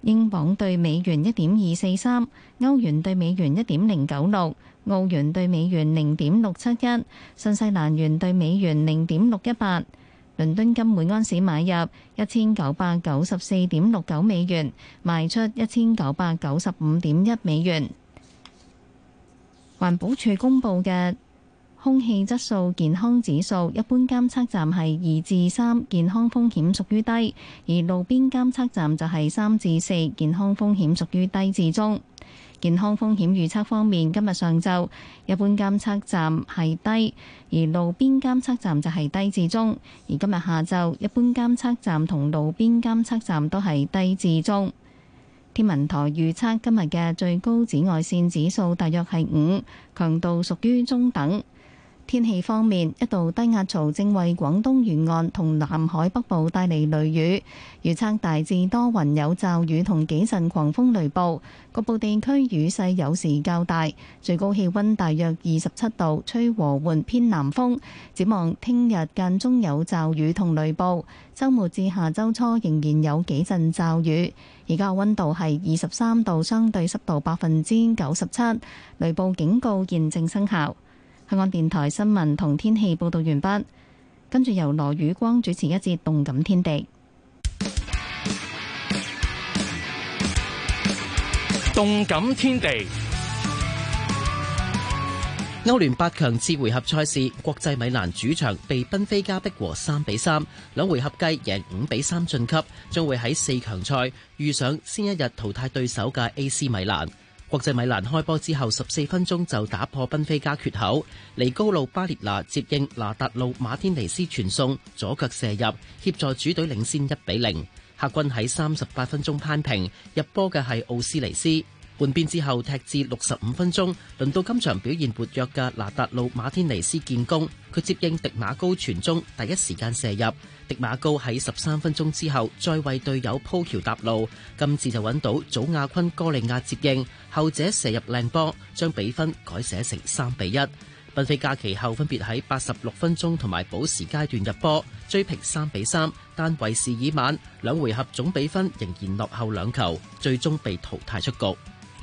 S8: 英鎊對美元一點二四三，歐元對美元一點零九六，澳元對美元零點六七一，新西蘭元對美元零點六一八。倫敦金每安士買入一千九百九十四點六九美元，賣出一千九百九十五點一美元。環保署公布嘅空氣質素健康指數，一般監測站係二至三，健康風險屬於低；而路邊監測站就係三至四，健康風險屬於低至中。健康風險預測方面，今日上晝一般監測站係低，而路邊監測站就係低至中。而今日下晝一般監測站同路邊監測站都係低至中。天文台預測今日嘅最高紫外線指數大約係五，強度屬於中等。天氣方面，一道低壓槽正為廣東沿岸同南海北部帶嚟雷雨，預測大致多雲有驟雨同幾陣狂風雷暴，局部地區雨勢有時較大，最高氣温大約二十七度，吹和緩偏南風。展望聽日間中有驟雨同雷暴，週末至下周初仍然有幾陣驟雨。而家温度係二十三度，相對濕度百分之九十七，雷暴警告現正生效。香港電台新聞同天氣報道完畢，跟住由羅宇光主持一節動感天地。
S10: 動感
S13: 天地。歐聯八強次回合賽事，國際米蘭主場被賓菲加逼和三比三，兩回合計贏五比三晉級，將會喺四強賽遇上先一日淘汰對手嘅 AC 米蘭。國際米蘭開波之後十四分鐘就打破賓菲加缺口，尼高路巴列拿接應拿達路馬天尼斯傳送，左腳射入，協助主隊領先一比零。客軍喺三十八分鐘攀平，入波嘅係奧斯尼斯。換邊之後踢至六十五分鐘，輪到今場表現活躍嘅拿達路馬天尼斯建功，佢接應迪馬高傳中，第一時間射入。迪馬高喺十三分鐘之後再為隊友鋪橋搭路，今次就揾到祖亞坤、哥利亞接應，後者射入靚波，將比分改寫成三比一。賓菲加其後分別喺八十六分鐘同埋補時階段入波，追平三比三，但為時已晚，兩回合總比分仍然落後兩球，最終被淘汰出局。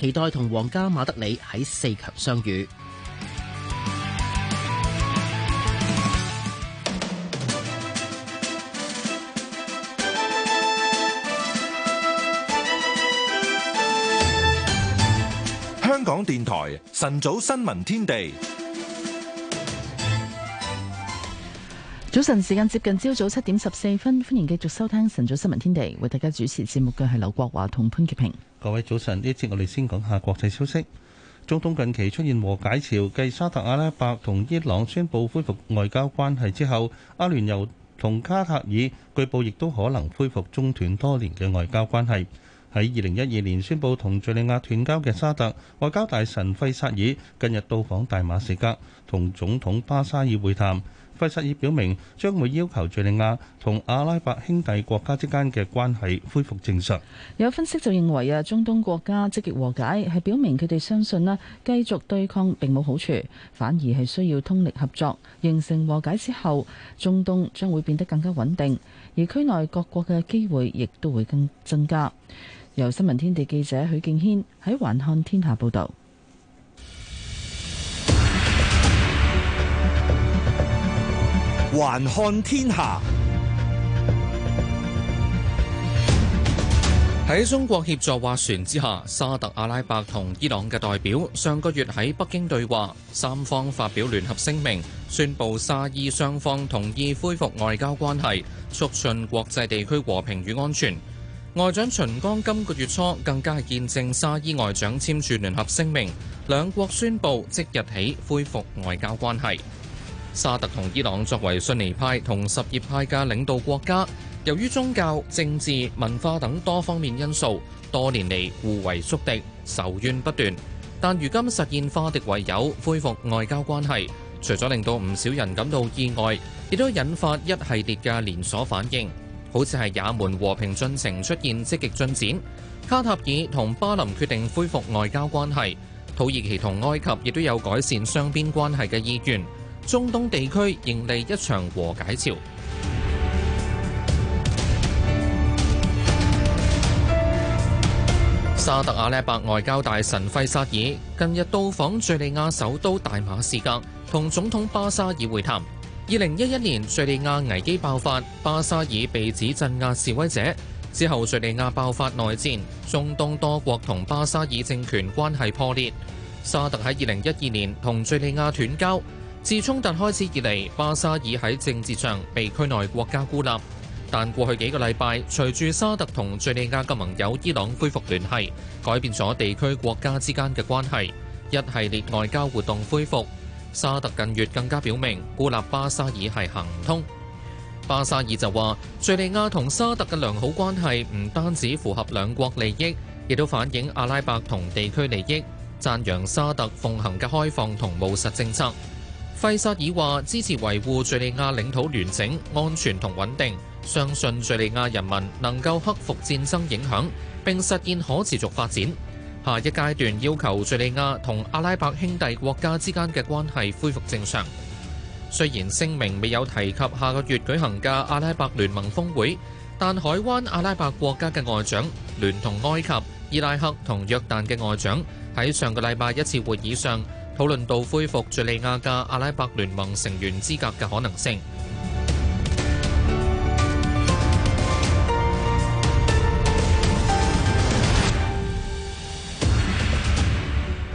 S13: 期待同皇家馬德里喺四強相遇。
S1: 香港電台晨早新聞天地。
S3: 早晨，時間接近朝早七點十四分，歡迎繼續收聽晨早新聞天地，為大家主持節目嘅係劉國華同潘潔平。
S4: 各位早晨，呢節我哋先講下國際消息。中東近期出現和解潮，繼沙特阿拉伯同伊朗宣布恢復外交關係之後，阿聯酋同卡塔爾據報亦都可能恢復中斷多年嘅外交關係。喺二零一二年宣布同敘利亞斷交嘅沙特外交大臣費薩爾，近日到訪大馬士革，同總統巴沙爾會談。費沙也表明，將會要求敘利亞同阿拉伯兄弟國家之間嘅關係恢復正常。
S3: 有分析就認為啊，中東國家積極和解係表明佢哋相信啦，繼續對抗並冇好處，反而係需要通力合作，形成和解之後，中東將會變得更加穩定，而區內各國嘅機會亦都會更增加。由新聞天地記者許敬軒喺環看天下報道。
S1: 還看天下。
S10: 喺中國協助划船之下，沙特阿拉伯同伊朗嘅代表上個月喺北京對話，三方發表聯合聲明，宣布沙伊雙方同意恢復外交關係，促進國際地區和平與安全。外長秦剛今個月初更加係見證沙伊外長簽署聯合聲明，兩國宣布即日起恢復外交關係。沙特同伊朗作為遜尼派同什葉派嘅領導國家，由於宗教、政治、文化等多方面因素，多年嚟互為宿敵，仇怨不斷。但如今實現化敵為友，恢復外交關係，除咗令到唔少人感到意外，亦都引發一系列嘅連鎖反應。好似係也門和平進程出現積極進展，卡塔爾同巴林決定恢復外交關係，土耳其同埃及亦都有改善雙邊關係嘅意願。中東地區迎嚟，一場和解潮。沙特阿拉伯外交大臣費薩爾近日到訪敘利亞首都大馬士革，同總統巴沙爾會談。二零一一年敘利亞危機爆發，巴沙爾被指鎮壓示威者之後，敘利亞爆發內戰，中東多國同巴沙爾政權關係破裂。沙特喺二零一二年同敘利亞斷交。自衝突開始以嚟，巴沙爾喺政治上被區內國家孤立。但過去幾個禮拜，隨住沙特同敍利亞嘅盟友伊朗恢復聯繫，改變咗地區國家之間嘅關係，一系列外交活動恢復。沙特近月更加表明孤立巴沙爾係行唔通。巴沙爾就話：敍利亞同沙特嘅良好關係唔單止符合兩國利益，亦都反映阿拉伯同地區利益，讚揚沙特奉行嘅開放同務實政策。費薩爾話：支持維護敍利亞領土完整、安全同穩定，相信敍利亞人民能夠克服戰爭影響並實現可持續發展。下一階段要求敍利亞同阿拉伯兄弟國家之間嘅關係恢復正常。雖然聲明未有提及下個月舉行嘅阿拉伯聯盟峰會，但海灣阿拉伯國家嘅外長聯同埃及、伊拉克同約旦嘅外長喺上個禮拜一次會議上。討論到恢復敍利亞嘅阿拉伯聯盟成員資格嘅可能性。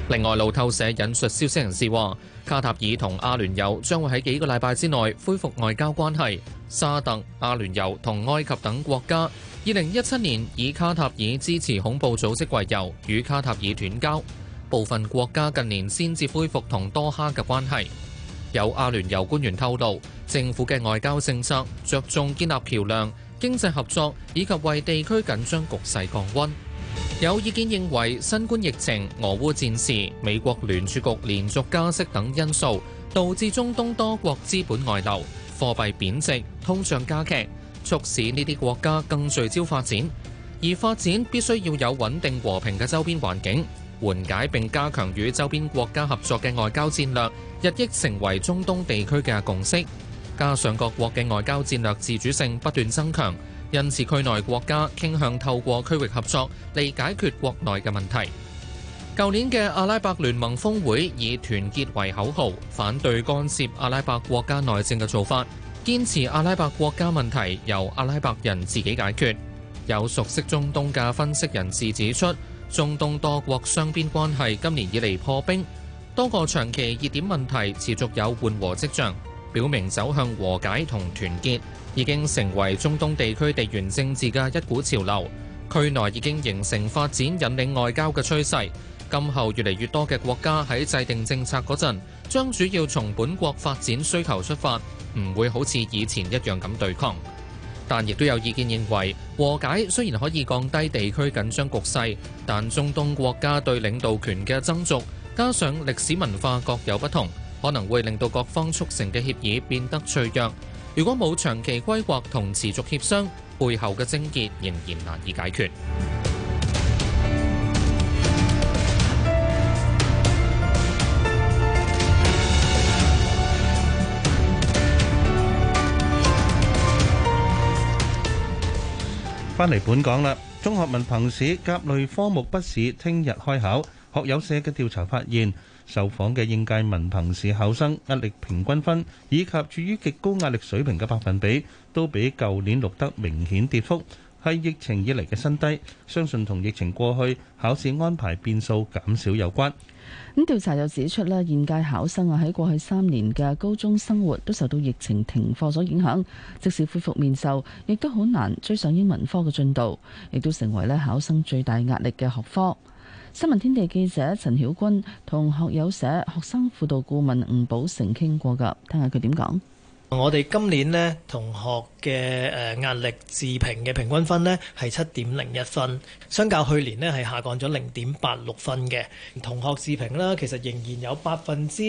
S10: 另外，路透社引述消息人士話，卡塔爾同阿聯酋將會喺幾個禮拜之內恢復外交關係。沙特、阿聯酋同埃及等國家，二零一七年以卡塔爾支持恐怖組織為由與卡塔爾斷交。部分國家近年先至恢復同多哈嘅關係。有阿聯酋官員透露，政府嘅外交政策着重建立橋樑、經濟合作以及為地區緊張局勢降温。有意見認為，新冠疫情、俄烏戰事、美國聯儲局連續加息等因素，導致中東多國資本外流、貨幣貶值、通脹加劇，促使呢啲國家更聚焦發展。而發展必須要有穩定和平嘅周邊環境。緩解並加強與周邊國家合作嘅外交戰略，日益成為中東地區嘅共識。加上各國嘅外交戰略自主性不斷增強，因此區內國家傾向透過區域合作嚟解決國內嘅問題。舊年嘅阿拉伯聯盟峰會以團結為口號，反對干涉阿拉伯國家內政嘅做法，堅持阿拉伯國家問題由阿拉伯人自己解決。有熟悉中東嘅分析人士指出，中東多國雙邊關係今年以來破冰，多個長期熱點問題持續有緩和跡象，表明走向和解同團結已經成為中東地區地緣政治嘅一股潮流。區內已經形成發展引領外交嘅趨勢，今後越嚟越多嘅國家喺制定政策嗰陣，將主要從本國發展需求出發，唔會好似以前一樣咁對抗。但亦都有意見認為，和解雖然可以降低地區緊張局勢，但中東國家對領導權嘅爭逐，加上歷史文化各有不同，可能會令到各方促成嘅協議變得脆弱。如果冇長期規劃同持續協商，背後嘅症結仍然難以解決。
S4: 翻嚟本港啦，中學文憑試甲類科目筆試聽日開考。學友社嘅調查發現，受訪嘅應屆文憑試考生壓力平均分以及處於極高壓力水平嘅百分比，都比舊年錄得明顯跌幅，係疫情以嚟嘅新低。相信同疫情過去，考試安排變數減少有關。
S3: 咁調查又指出呢，現屆考生啊喺過去三年嘅高中生活都受到疫情停課所影響，即使恢復面授，亦都好難追上英文科嘅進度，亦都成為咗考生最大壓力嘅學科。新聞天地記者陳曉君同學友社學生輔導顧問吳寶成傾過噶，聽下佢點講。
S14: 我哋今年呢，同學嘅誒壓力自評嘅平均分呢係七點零一分，相較去年呢係下降咗零點八六分嘅。同學自評啦，其實仍然有百分之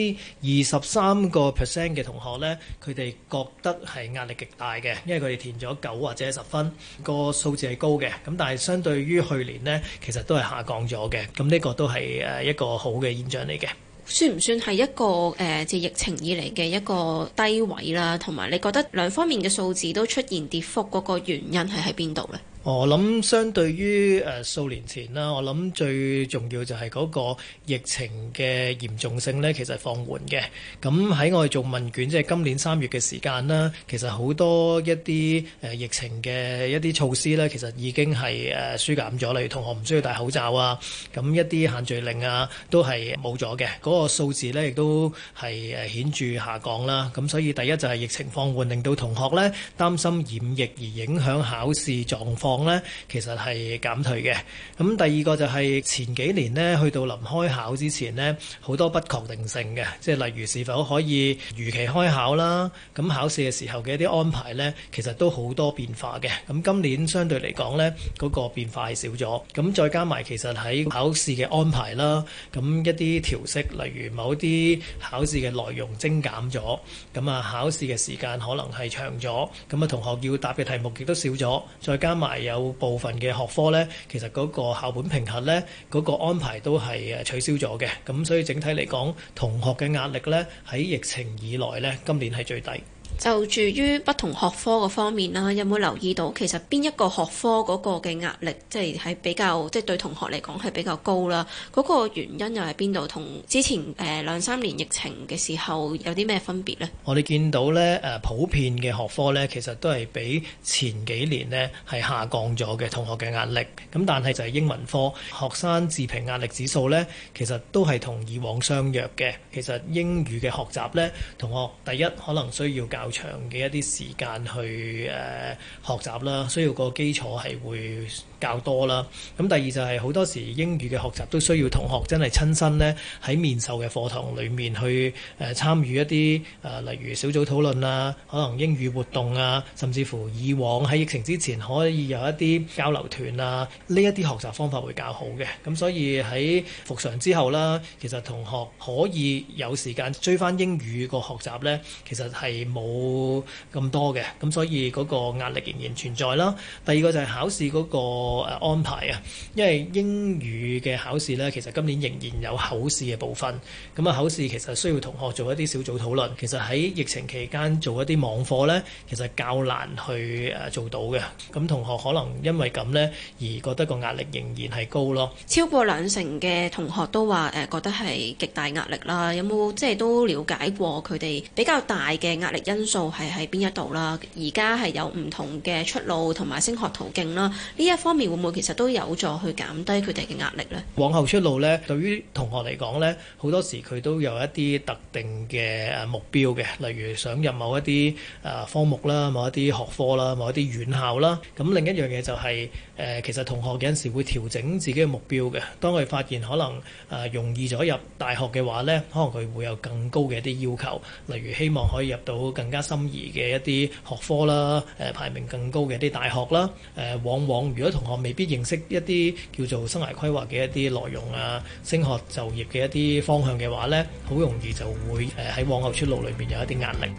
S14: 二十三個 percent 嘅同學呢，佢哋覺得係壓力極大嘅，因為佢哋填咗九或者十分，個數字係高嘅。咁但係相對於去年呢，其實都係下降咗嘅。咁呢個都係誒一個好嘅現象嚟嘅。
S15: 算唔算係一個誒，即係、呃、疫情以嚟嘅一個低位啦？同埋，你覺得兩方面嘅數字都出現跌幅，嗰、嗰個原因係喺邊度咧？
S14: 我諗相對於誒數年前啦，我諗最重要就係嗰個疫情嘅嚴重性呢，其實放緩嘅。咁喺我哋做問卷，即係今年三月嘅時間啦，其實好多一啲誒疫情嘅一啲措施呢，其實已經係誒舒減咗，例如同學唔需要戴口罩啊，咁一啲限聚令啊都係冇咗嘅。嗰個數字呢，亦都係誒顯著下降啦。咁所以第一就係疫情放緩，令到同學呢擔心染疫而影響考試狀況。講咧其實係減退嘅。咁第二個就係前幾年呢，去到臨開考之前呢，好多不確定性嘅，即係例如是否可以如期開考啦。咁考試嘅時候嘅一啲安排呢，其實都好多變化嘅。咁今年相對嚟講呢，嗰個變化係少咗。咁再加埋其實喺考試嘅安排啦，咁一啲調適，例如某啲考試嘅內容精減咗。咁啊，考試嘅時間可能係長咗。咁啊，同學要答嘅題目亦都少咗。再加埋。有部分嘅學科呢，其實嗰個校本評核呢，嗰個安排都係誒取消咗嘅，咁所以整體嚟講同學嘅壓力呢，喺疫情以來呢，今年係最低。
S15: 就住於不同學科個方面啦，有冇留意到其實邊一個學科嗰個嘅壓力，即係比較，即係對同學嚟講係比較高啦？嗰個原因又係邊度？同之前誒兩三年疫情嘅時候有啲咩分別呢？
S14: 我哋見到呢，誒，普遍嘅學科呢，其實都係比前幾年呢係下降咗嘅同學嘅壓力。咁但係就係英文科學生自評壓力指數呢，其實都係同以往相若嘅。其實英語嘅學習呢，同學第一可能需要教。長嘅一啲時間去誒、呃、學習啦，需要個基礎係會較多啦，咁第二就係好多時英語嘅學習都需要同學真係親身呢喺面授嘅課堂裡面去誒、呃、參與一啲誒、呃、例如小組討論啊，可能英語活動啊，甚至乎以往喺疫情之前可以有一啲交流團啊，呢一啲學習方法會較好嘅，咁、啊、所以喺復常之後啦、啊，其實同學可以有時間追翻英語個學習呢，其實係冇咁多嘅，咁、啊、所以嗰個壓力仍然存在啦、啊。第二個就係考試嗰、嗰個。個安排啊，因為英語嘅考試咧，其實今年仍然有考試嘅部分。咁啊，考試其實需要同學做一啲小組討論，其實喺疫情期間做一啲網課咧，其實較難去誒做到嘅。咁同學可能因為咁咧，而覺得個壓力仍然係高咯。
S15: 超過兩成嘅同學都話誒、呃、覺得係極大壓力啦。有冇即係都了解過佢哋比較大嘅壓力因素係喺邊一度啦？而家係有唔同嘅出路同埋升學途徑啦。呢一方。面會唔會其實都有助去減低佢哋嘅壓力咧？
S14: 往後出路咧，對於同學嚟講咧，好多時佢都有一啲特定嘅誒目標嘅，例如想入某一啲誒、呃、科目啦、某一啲學科啦、某一啲院校啦。咁另一樣嘢就係、是、誒、呃、其實同學有陣時會調整自己嘅目標嘅。當佢發現可能誒、呃、容易咗入大學嘅話咧，可能佢會有更高嘅一啲要求，例如希望可以入到更加心儀嘅一啲學科啦、誒、呃、排名更高嘅一啲大學啦。誒、呃、往往如果同我未必認識一啲叫做生涯規劃嘅一啲內容啊，升學就業嘅一啲方向嘅話呢，好容易就會誒喺往後出路裏邊有一啲壓力。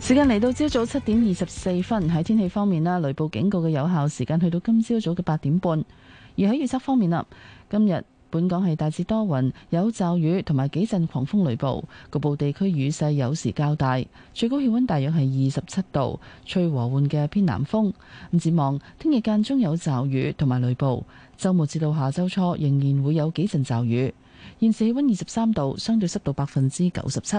S3: 時間嚟到朝早七點二十四分，喺天氣方面啦，雷暴警告嘅有效時間去到今朝早嘅八點半，而喺預測方面啦，今日，本港係大致多雲，有驟雨同埋幾陣狂風雷暴，局部地區雨勢有時較大。最高氣溫大約係二十七度，吹和緩嘅偏南風。咁展望，聽日間中有驟雨同埋雷暴，周末至到下周初仍然會有幾陣驟雨。現時氣溫二十三度，相對濕度百分之九十七。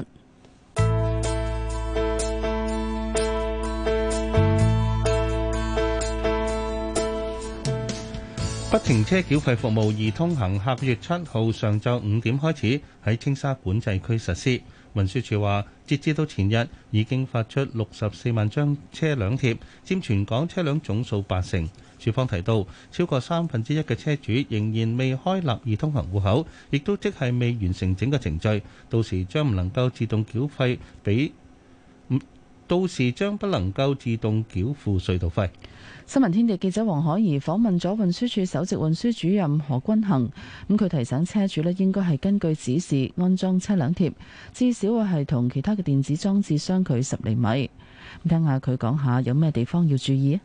S4: 不停車繳費服務易通行，下月七號上晝五點開始喺青沙管制區實施。運輸署話，截至到前日，已經發出六十四萬張車輛貼，佔全港車輛總數八成。署方提到，超過三分之一嘅車主仍然未開立易通行戶口，亦都即係未完成整個程序，到時將唔能夠自動繳費俾，到時將不能夠自動繳付隧道費。新
S3: 聞天地記者黃可怡訪問咗運輸署首席運輸主任何君衡，咁佢提醒車主呢，應該係根據指示安裝車輛貼，至少會係同其他嘅電子裝置相距十厘米。咁聽下佢講下有咩地方要注意啊？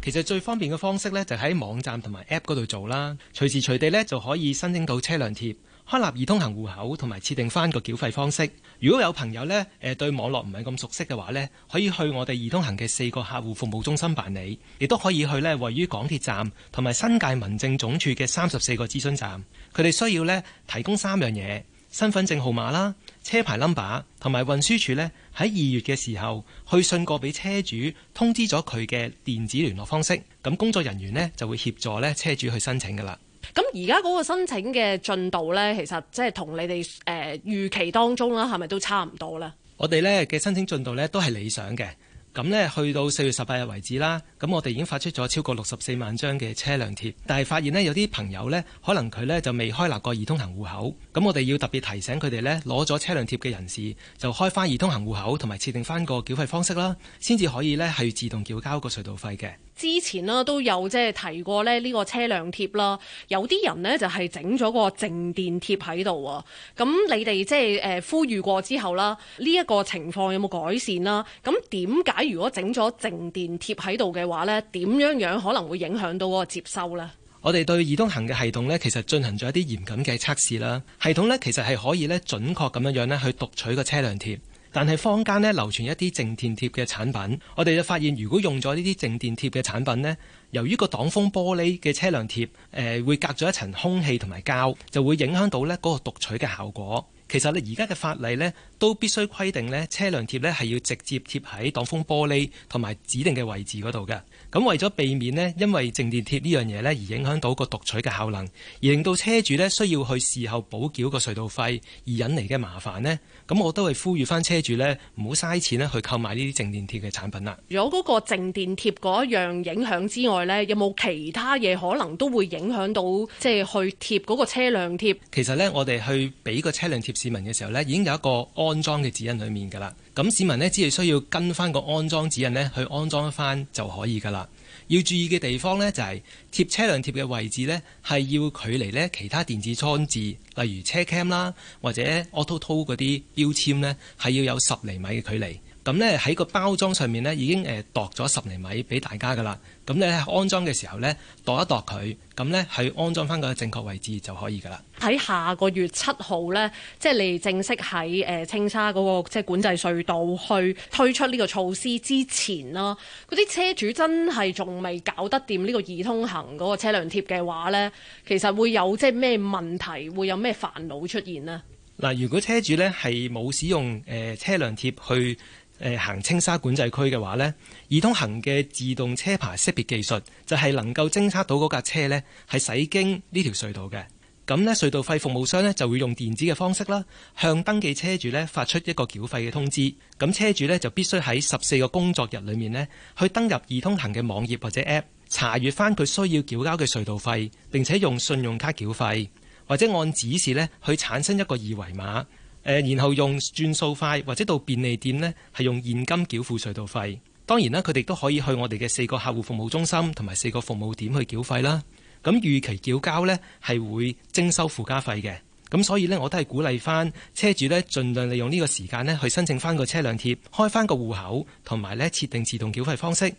S16: 其實最方便嘅方式呢，就喺網站同埋 App 嗰度做啦，隨時隨地呢就可以申請到車輛貼，開立易通行戶口同埋設定返個繳費方式。如果有朋友呢，誒對網絡唔係咁熟悉嘅話呢，可以去我哋易通行嘅四個客戶服務中心辦理，亦都可以去呢位於港鐵站同埋新界民政總署嘅三十四個諮詢站。佢哋需要呢提供三樣嘢：身份證號碼啦、車牌 number 同埋運輸署呢喺二月嘅時候去信過俾車主，通知咗佢嘅電子聯絡方式。咁工作人員呢就會協助呢車主去申請㗎喇。
S17: 咁而家嗰個申請嘅進度呢，其實即係同你哋誒、呃、預期當中啦，係咪都差唔多呢？
S16: 我哋呢嘅申請進度呢，都係理想嘅。咁呢，去到四月十八日為止啦，咁我哋已經發出咗超過六十四萬張嘅車輛貼，但係發現呢，有啲朋友呢，可能佢呢就未開立過二通行戶口，咁我哋要特別提醒佢哋呢，攞咗車輛貼嘅人士，就開翻二通行戶口同埋設定翻個繳費方式啦，先至可以呢，係自動繳交個隧道費嘅。
S3: 之
S17: 前啦都有即係提過咧呢個車輛貼啦，有啲人呢，就係整咗個靜電貼喺度啊。咁你哋即係誒呼籲過之後啦，呢一個情況有冇改善啦？咁點解如果整咗靜電貼喺度嘅話呢，點樣樣可能會影響到嗰個接收呢？
S16: 我哋對易通行嘅系統呢，其實進行咗一啲嚴謹嘅測試啦。系統呢，其實係可以呢，準確咁樣樣咧去讀取個車輛貼。但係坊間呢，流傳一啲靜電貼嘅產品，我哋就發現如果用咗呢啲靜電貼嘅產品呢，由於個擋風玻璃嘅車輛貼誒會隔咗一層空氣同埋膠，就會影響到呢嗰個讀取嘅效果。其實呢，而家嘅法例呢，都必須規定咧，車輛貼咧係要直接貼喺擋風玻璃同埋指定嘅位置嗰度嘅。咁為咗避免咧，因為靜電貼呢樣嘢咧而影響到個讀取嘅效能，而令到車主咧需要去事後補繳個隧道費而引嚟嘅麻煩呢，咁我都係呼籲返車主咧唔好嘥錢咧去購買呢啲靜電貼嘅產品啦。
S17: 如果嗰個靜電貼嗰一樣影響之外呢，有冇其他嘢可能都會影響到即係、就是、去貼嗰個車輛
S16: 貼？其實呢，我哋去俾個車輛貼市民嘅時候呢，已經有一個安裝嘅指引裏面噶啦，咁市民呢，只係需要跟翻個安裝指引呢去安裝翻就可以噶啦。要注意嘅地方呢，就係、是、貼車輛貼嘅位置呢，係要距離呢其他電子裝置，例如車 cam 啦或者 Autotoll 嗰啲標籤呢，係要有十厘米嘅距離。咁呢，喺個包裝上面呢，已經誒度咗十厘米俾大家噶啦。咁你咧安裝嘅時候呢，度一度佢，咁呢喺安裝翻個正確位置就可以噶啦。
S17: 喺下個月七號呢，即係你正式喺誒青沙嗰、那個即係管制隧道去推出呢個措施之前啦、啊，嗰啲車主真係仲未搞得掂呢個易通行嗰個車輛貼嘅話呢，其實會有即係咩問題，會有咩煩惱出現呢？
S16: 嗱，如果車主呢係冇使用誒、呃、車輛貼去，誒行青沙管制區嘅話呢，易通行嘅自動車牌識別技術就係能夠偵測到嗰架車呢係駛經呢條隧道嘅，咁呢隧道費服務商呢就會用電子嘅方式啦，向登記車主呢發出一個繳費嘅通知，咁車主呢就必須喺十四個工作日裡面呢去登入易通行嘅網頁或者 App 查閲翻佢需要繳交嘅隧道費，並且用信用卡繳費或者按指示呢去產生一個二維碼。誒，然後用轉數快或者到便利店呢，係用現金繳付隧道費。當然啦，佢哋都可以去我哋嘅四個客戶服務中心同埋四個服務點去繳費啦。咁預期繳交呢，係會徵收附加費嘅。咁所以呢，我都係鼓勵返車主呢，盡量利用呢個時間呢，去申請返個車輛貼，開返個戶口同埋呢設定自動繳費方式。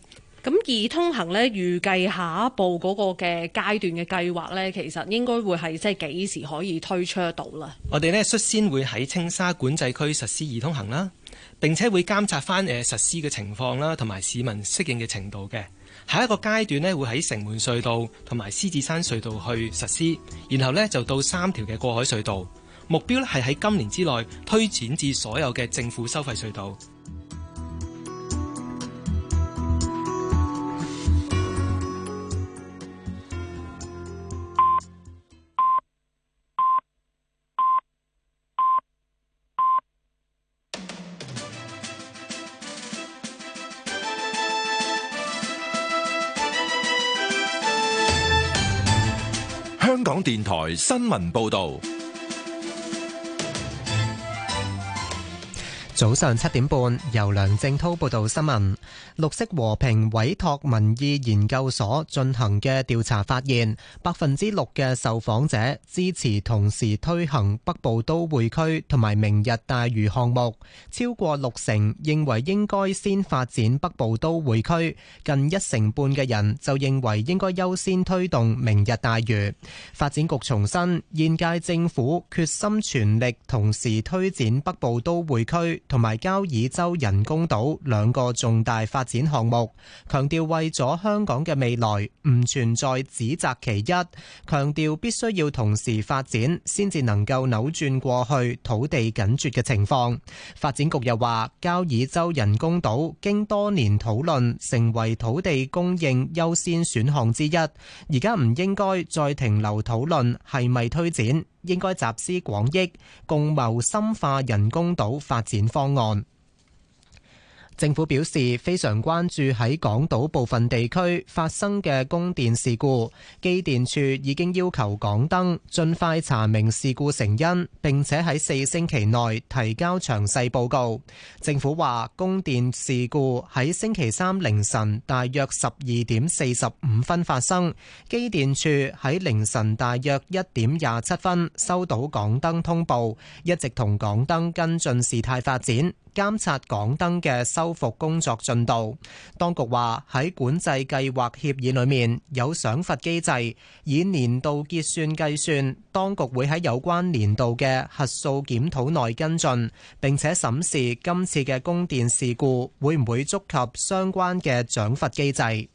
S17: 咁易通行咧，預計下一步嗰個嘅階段嘅計劃咧，其實應該會係即係幾時可以推出得到啦？
S16: 我哋咧率先會喺青沙管制區實施易通行啦，並且會監察翻誒實施嘅情況啦，同埋市民適應嘅程度嘅。下一個階段咧會喺城門隧道同埋獅子山隧道去實施，然後咧就到三條嘅過海隧道。目標咧係喺今年之內推展至所有嘅政府收費隧道。
S1: 香港電台新聞報道。
S2: 早上七點半，由梁正濤報道新聞。綠色和平委託民意研究所進行嘅調查發現，百分之六嘅受訪者支持同時推行北部都會區同埋明日大嶼項目。超過六成認為應該先發展北部都會區，近一成半嘅人就認為應該優先推動明日大嶼。發展局重申，現屆政府決心全力同時推展北部都會區。同埋交椅洲人工島兩個重大發展項目，強調為咗香港嘅未來，唔存在只擇其一，強調必須要同時發展，先至能夠扭轉過去土地緊絀嘅情況。發展局又話，交椅洲人工島經多年討論，成為土地供應優先選項之一，而家唔應該再停留討論係咪推展。應該集思廣益，共謀深化人工島發展方案。政府表示非常關注喺港島部分地區發生嘅供電事故，機電處已經要求港燈盡快查明事故成因，並且喺四星期內提交詳細報告。政府話供電事故喺星期三凌晨大約十二點四十五分發生，機電處喺凌晨大約一點廿七分收到港燈通報，一直同港燈跟進事態發展。監察港燈嘅修復工作進度，當局話喺管制計劃協議裏面有賞罰機制，以年度結算計算，當局會喺有關年度嘅核數檢討內跟進，並且審視今次嘅供電事故會唔會觸及相關嘅獎罰機制。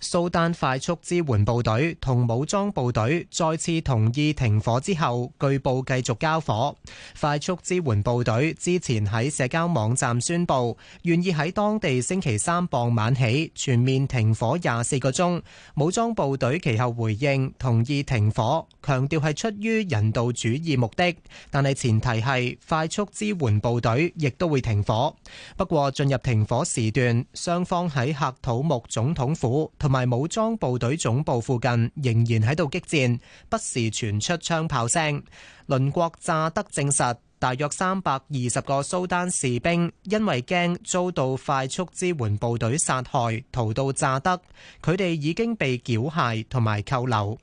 S2: 蘇丹快速支援部隊同武裝部隊再次同意停火之後，據報繼續交火。快速支援部隊之前喺社交網站宣布願意喺當地星期三傍晚起全面停火廿四個鐘。武裝部隊其後回應同意停火，強調係出於人道主義目的，但係前提係快速支援部隊亦都會停火。不過進入停火時段，雙方喺喀土穆總統府同埋同埋武裝部隊總部附近仍然喺度激戰，不時傳出槍炮聲。鄰國乍得證實，大約三百二十個蘇丹士兵因為驚遭到快速支援部隊殺害，逃到乍得，佢哋已經被繳械同埋扣留。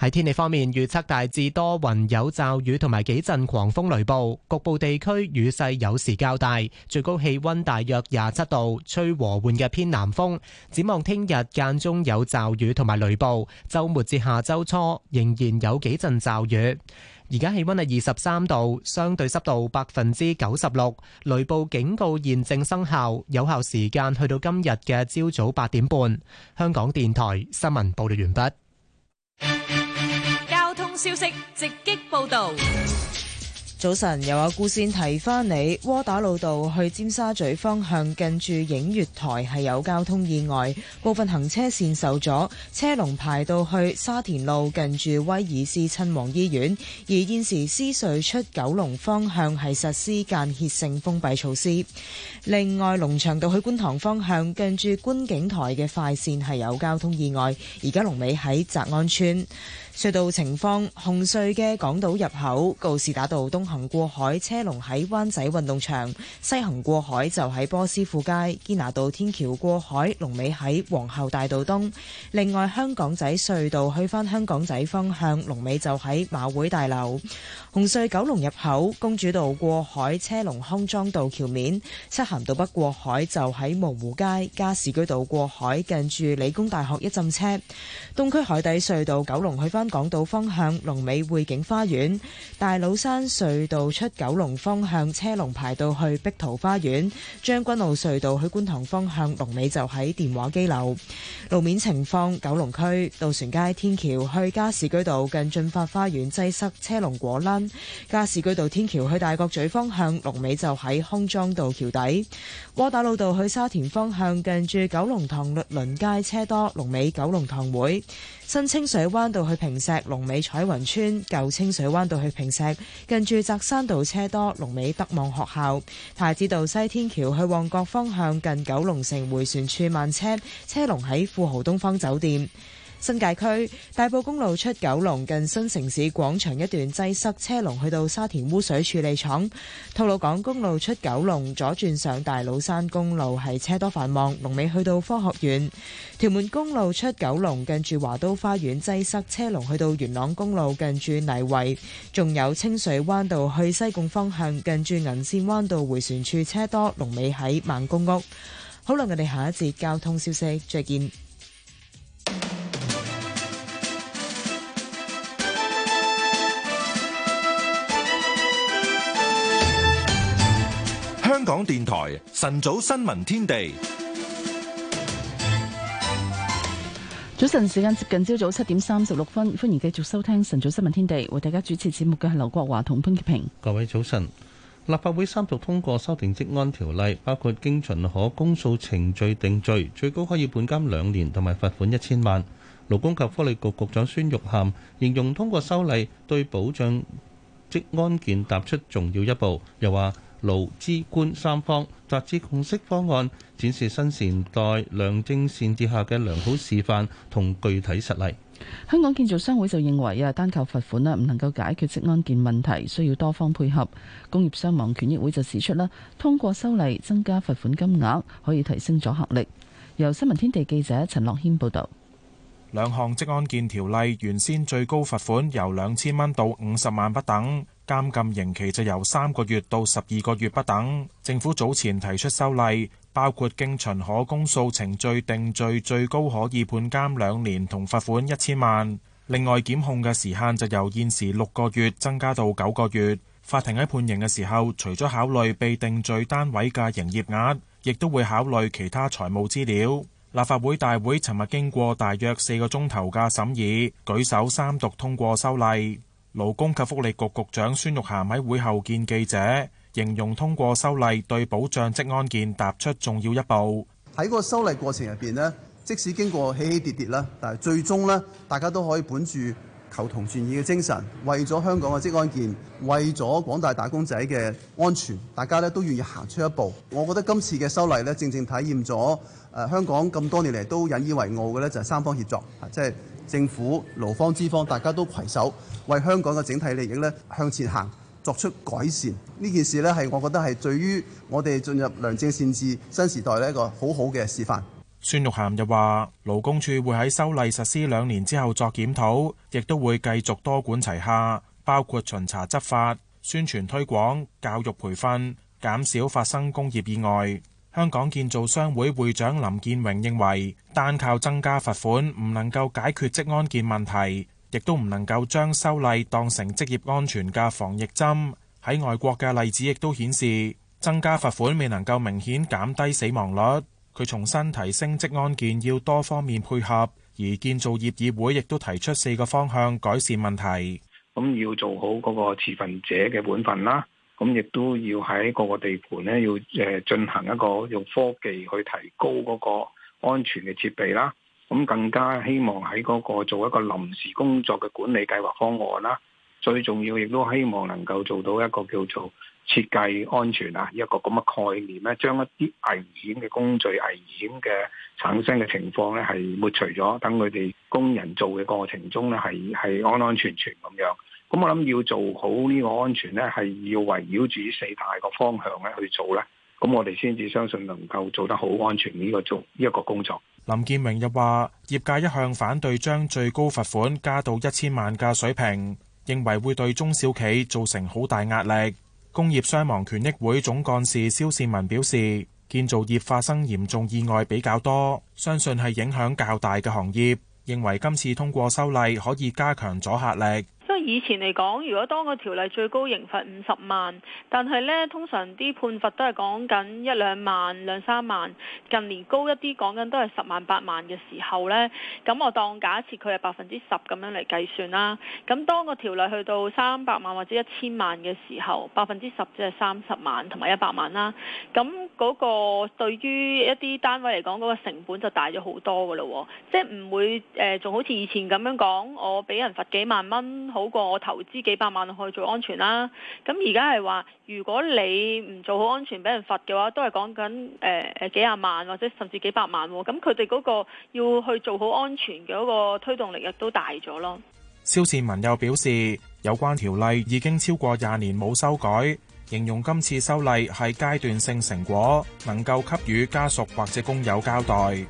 S2: 喺天氣方面，預測大致多雲有驟雨同埋幾陣狂風雷暴，局部地區雨勢有時較大，最高氣溫大約廿七度，吹和緩嘅偏南風。展望聽日間中有驟雨同埋雷暴，週末至下週初仍然有幾陣驟雨。而家氣溫係二十三度，相對濕度百分之九十六。雷暴警告現正生效，有效時間去到今日嘅朝早八點半。香港電台新聞報道完畢。
S5: 消息直擊報道。
S11: 早晨，由阿顧先提翻你，窩打老道去尖沙咀方向近住映月台係有交通意外，部分行車線受阻，車龍排到去沙田路近住威爾斯親王醫院。而現時獅隧出九龍方向係實施間歇性封閉措施。另外，龍翔道去觀塘方向近住觀景台嘅快線係有交通意外，而家龍尾喺澤安村。隧道情況：紅隧嘅港島入口告士打道東行過海車龍喺灣仔運動場，西行過海就喺波斯富街堅拿道天橋過海，龍尾喺皇后大道東。另外，香港仔隧道去翻香港仔方向，龍尾就喺馬會大樓。紅隧九龍入口，公主道過海車龍康莊道橋面，漆咸道北過海就喺蕪湖街加士居道過海，近住理工大學一浸車。東區海底隧道九龍去翻。香港島方向龍尾匯景花園，大老山隧道出九龍方向車龍排到去碧桃花園，將軍澳隧道去觀塘方向龍尾就喺電話機樓。路面情況，九龍區渡船街天橋去加士居道近駿發花園擠塞車龍果欄，加士居道天橋去大角咀方向龍尾就喺康莊道橋底，窩打老道去沙田方向近住九龍塘律倫街車多，龍尾九龍塘會，新清水灣道去平坪石龍尾彩雲村，舊清水灣道去坪石，近住澤山道車多；龍尾德望學校。太子道西天橋去旺角方向近九龍城回旋處慢車，車龍喺富豪東方酒店。新界區大埔公路出九龍近新城市廣場一段擠塞車龍去到沙田污水處理廠，吐露港公路出九龍左轉上大老山公路係車多繁忙，龍尾去到科學園。屯門公路出九龍近住華都花園擠塞車龍去到元朗公路近住泥圍，仲有清水灣道去西貢方向近住銀線灣道回旋處車多，龍尾喺孟公屋。好啦，我哋下一節交通消息，再見。
S1: 港電台晨早新聞天地，
S3: 早晨時間接近朝早七點三十六分，歡迎繼續收聽晨早新聞天地，為大家主持節目嘅係劉國華同潘潔平。
S4: 各位早晨，立法會三讀通過修訂職安條例，包括經循可公訴程序定罪，最高可以判監兩年同埋罰款一千萬。勞工及福利局局長孫玉菡形容通過修例對保障職安健踏出重要一步，又話。勞、資、官三方達致共識方案，展示新時代良政善治之下嘅良好示範同具體實例。
S3: 香港建造商會就認為啊，單靠罰款呢，唔能夠解決職安健問題，需要多方配合。工業傷亡權益會就指出啦，通過修例增加罰款金額，可以提升咗合力。由新聞天地記者陳樂軒報導。
S18: 兩項職安健條例原先最高罰款由兩千蚊到五十萬不等。監禁刑期就由三個月到十二個月不等。政府早前提出修例，包括經循可公訴程序定罪，最高可以判監兩年同罰款一千萬。另外，檢控嘅時限就由現時六個月增加到九個月。法庭喺判刑嘅時候，除咗考慮被定罪單位嘅營業額，亦都會考慮其他財務資料。立法會大會尋日經過大約四個鐘頭嘅審議，舉手三讀通過修例。勞工及福利局局長孫玉菡喺會後見記者，形容通過修例對保障職安健踏出重要一步。
S2: 喺嗰個修例過程入邊咧，即使經過起起跌跌啦，但係最終咧，大家都可以本住求同存異嘅精神，為咗香港嘅職安健，為咗廣大打工仔嘅安全，大家咧都願意行出一步。我覺得今次嘅修例咧，正正體驗咗誒香港咁多年嚟都引以為傲嘅咧，就係三方協作，即係。政府、勞方、資方，大家都攜手為香港嘅整體利益咧向前行，作出改善。呢件事咧係我覺得係對於我哋進入良政善治新時代呢一個好好嘅示範。
S18: 孫玉菡又話：勞工處會喺修例實施兩年之後作檢討，亦都會繼續多管齊下，包括巡查執法、宣傳推廣、教育培訓，減少發生工業意外。香港建造商會會長林建榮認為，單靠增加罰款唔能夠解決職安健問題，亦都唔能夠將修例當成職業安全嘅防疫針。喺外國嘅例子亦都顯示，增加罰款未能夠明顯減低死亡率。佢重新提升職安健要多方面配合，而建造業議會亦都提出四個方向改善問題。
S19: 咁要做好嗰個持份者嘅本分啦。咁亦都要喺各個地盤咧，要誒、呃、進行一個用科技去提高嗰個安全嘅設備啦。咁更加希望喺嗰個做一個臨時工作嘅管理計劃方案啦。最重要亦都希望能夠做到一個叫做設計安全啊，一個咁嘅概念咧，將一啲危險嘅工序、危險嘅產生嘅情況咧，係抹除咗，等佢哋工人做嘅過程中咧，係係安安全全咁樣。咁我諗要做好呢個安全呢，係要圍繞住四大個方向咧去做呢，咁我哋先至相信能夠做得好安全呢個做呢一個工作。
S18: 林建明又話，業界一向反對將最高罰款加到一千萬嘅水平，認為會對中小企造成好大壓力。工業傷亡權益會總幹事蕭士文表示，建造業發生嚴重意外比較多，相信係影響較大嘅行業，認為今次通過修例可以加強阻嚇力。
S17: 以前嚟講，如果當個條例最高刑罰五十萬，但係呢，通常啲判罰都係講緊一兩萬、兩三萬，近年高一啲講緊都係十萬、八萬嘅時候呢。咁我當假設佢係百分之十咁樣嚟計算啦。咁當個條例去到三百萬或者一千萬嘅時候，百分之十即係三十萬同埋一百萬啦。咁嗰個對於一啲單位嚟講，嗰、嗰個成本就大咗好多㗎咯、哦，即係唔會誒仲、呃、好似以前咁樣講，我俾人罰幾萬蚊好過。我投資幾百萬去做安全啦、啊，咁而家係話，如果你唔做好安全，俾人罰嘅話，都係講緊誒誒幾廿萬或者甚至幾百萬、啊，咁佢哋嗰個要去做好安全嘅嗰個推動力亦都大咗咯。
S18: 蕭志文又表示，有關條例已經超過廿年冇修改，形容今次修例係階段性成果，能夠給予家屬或者工友交代。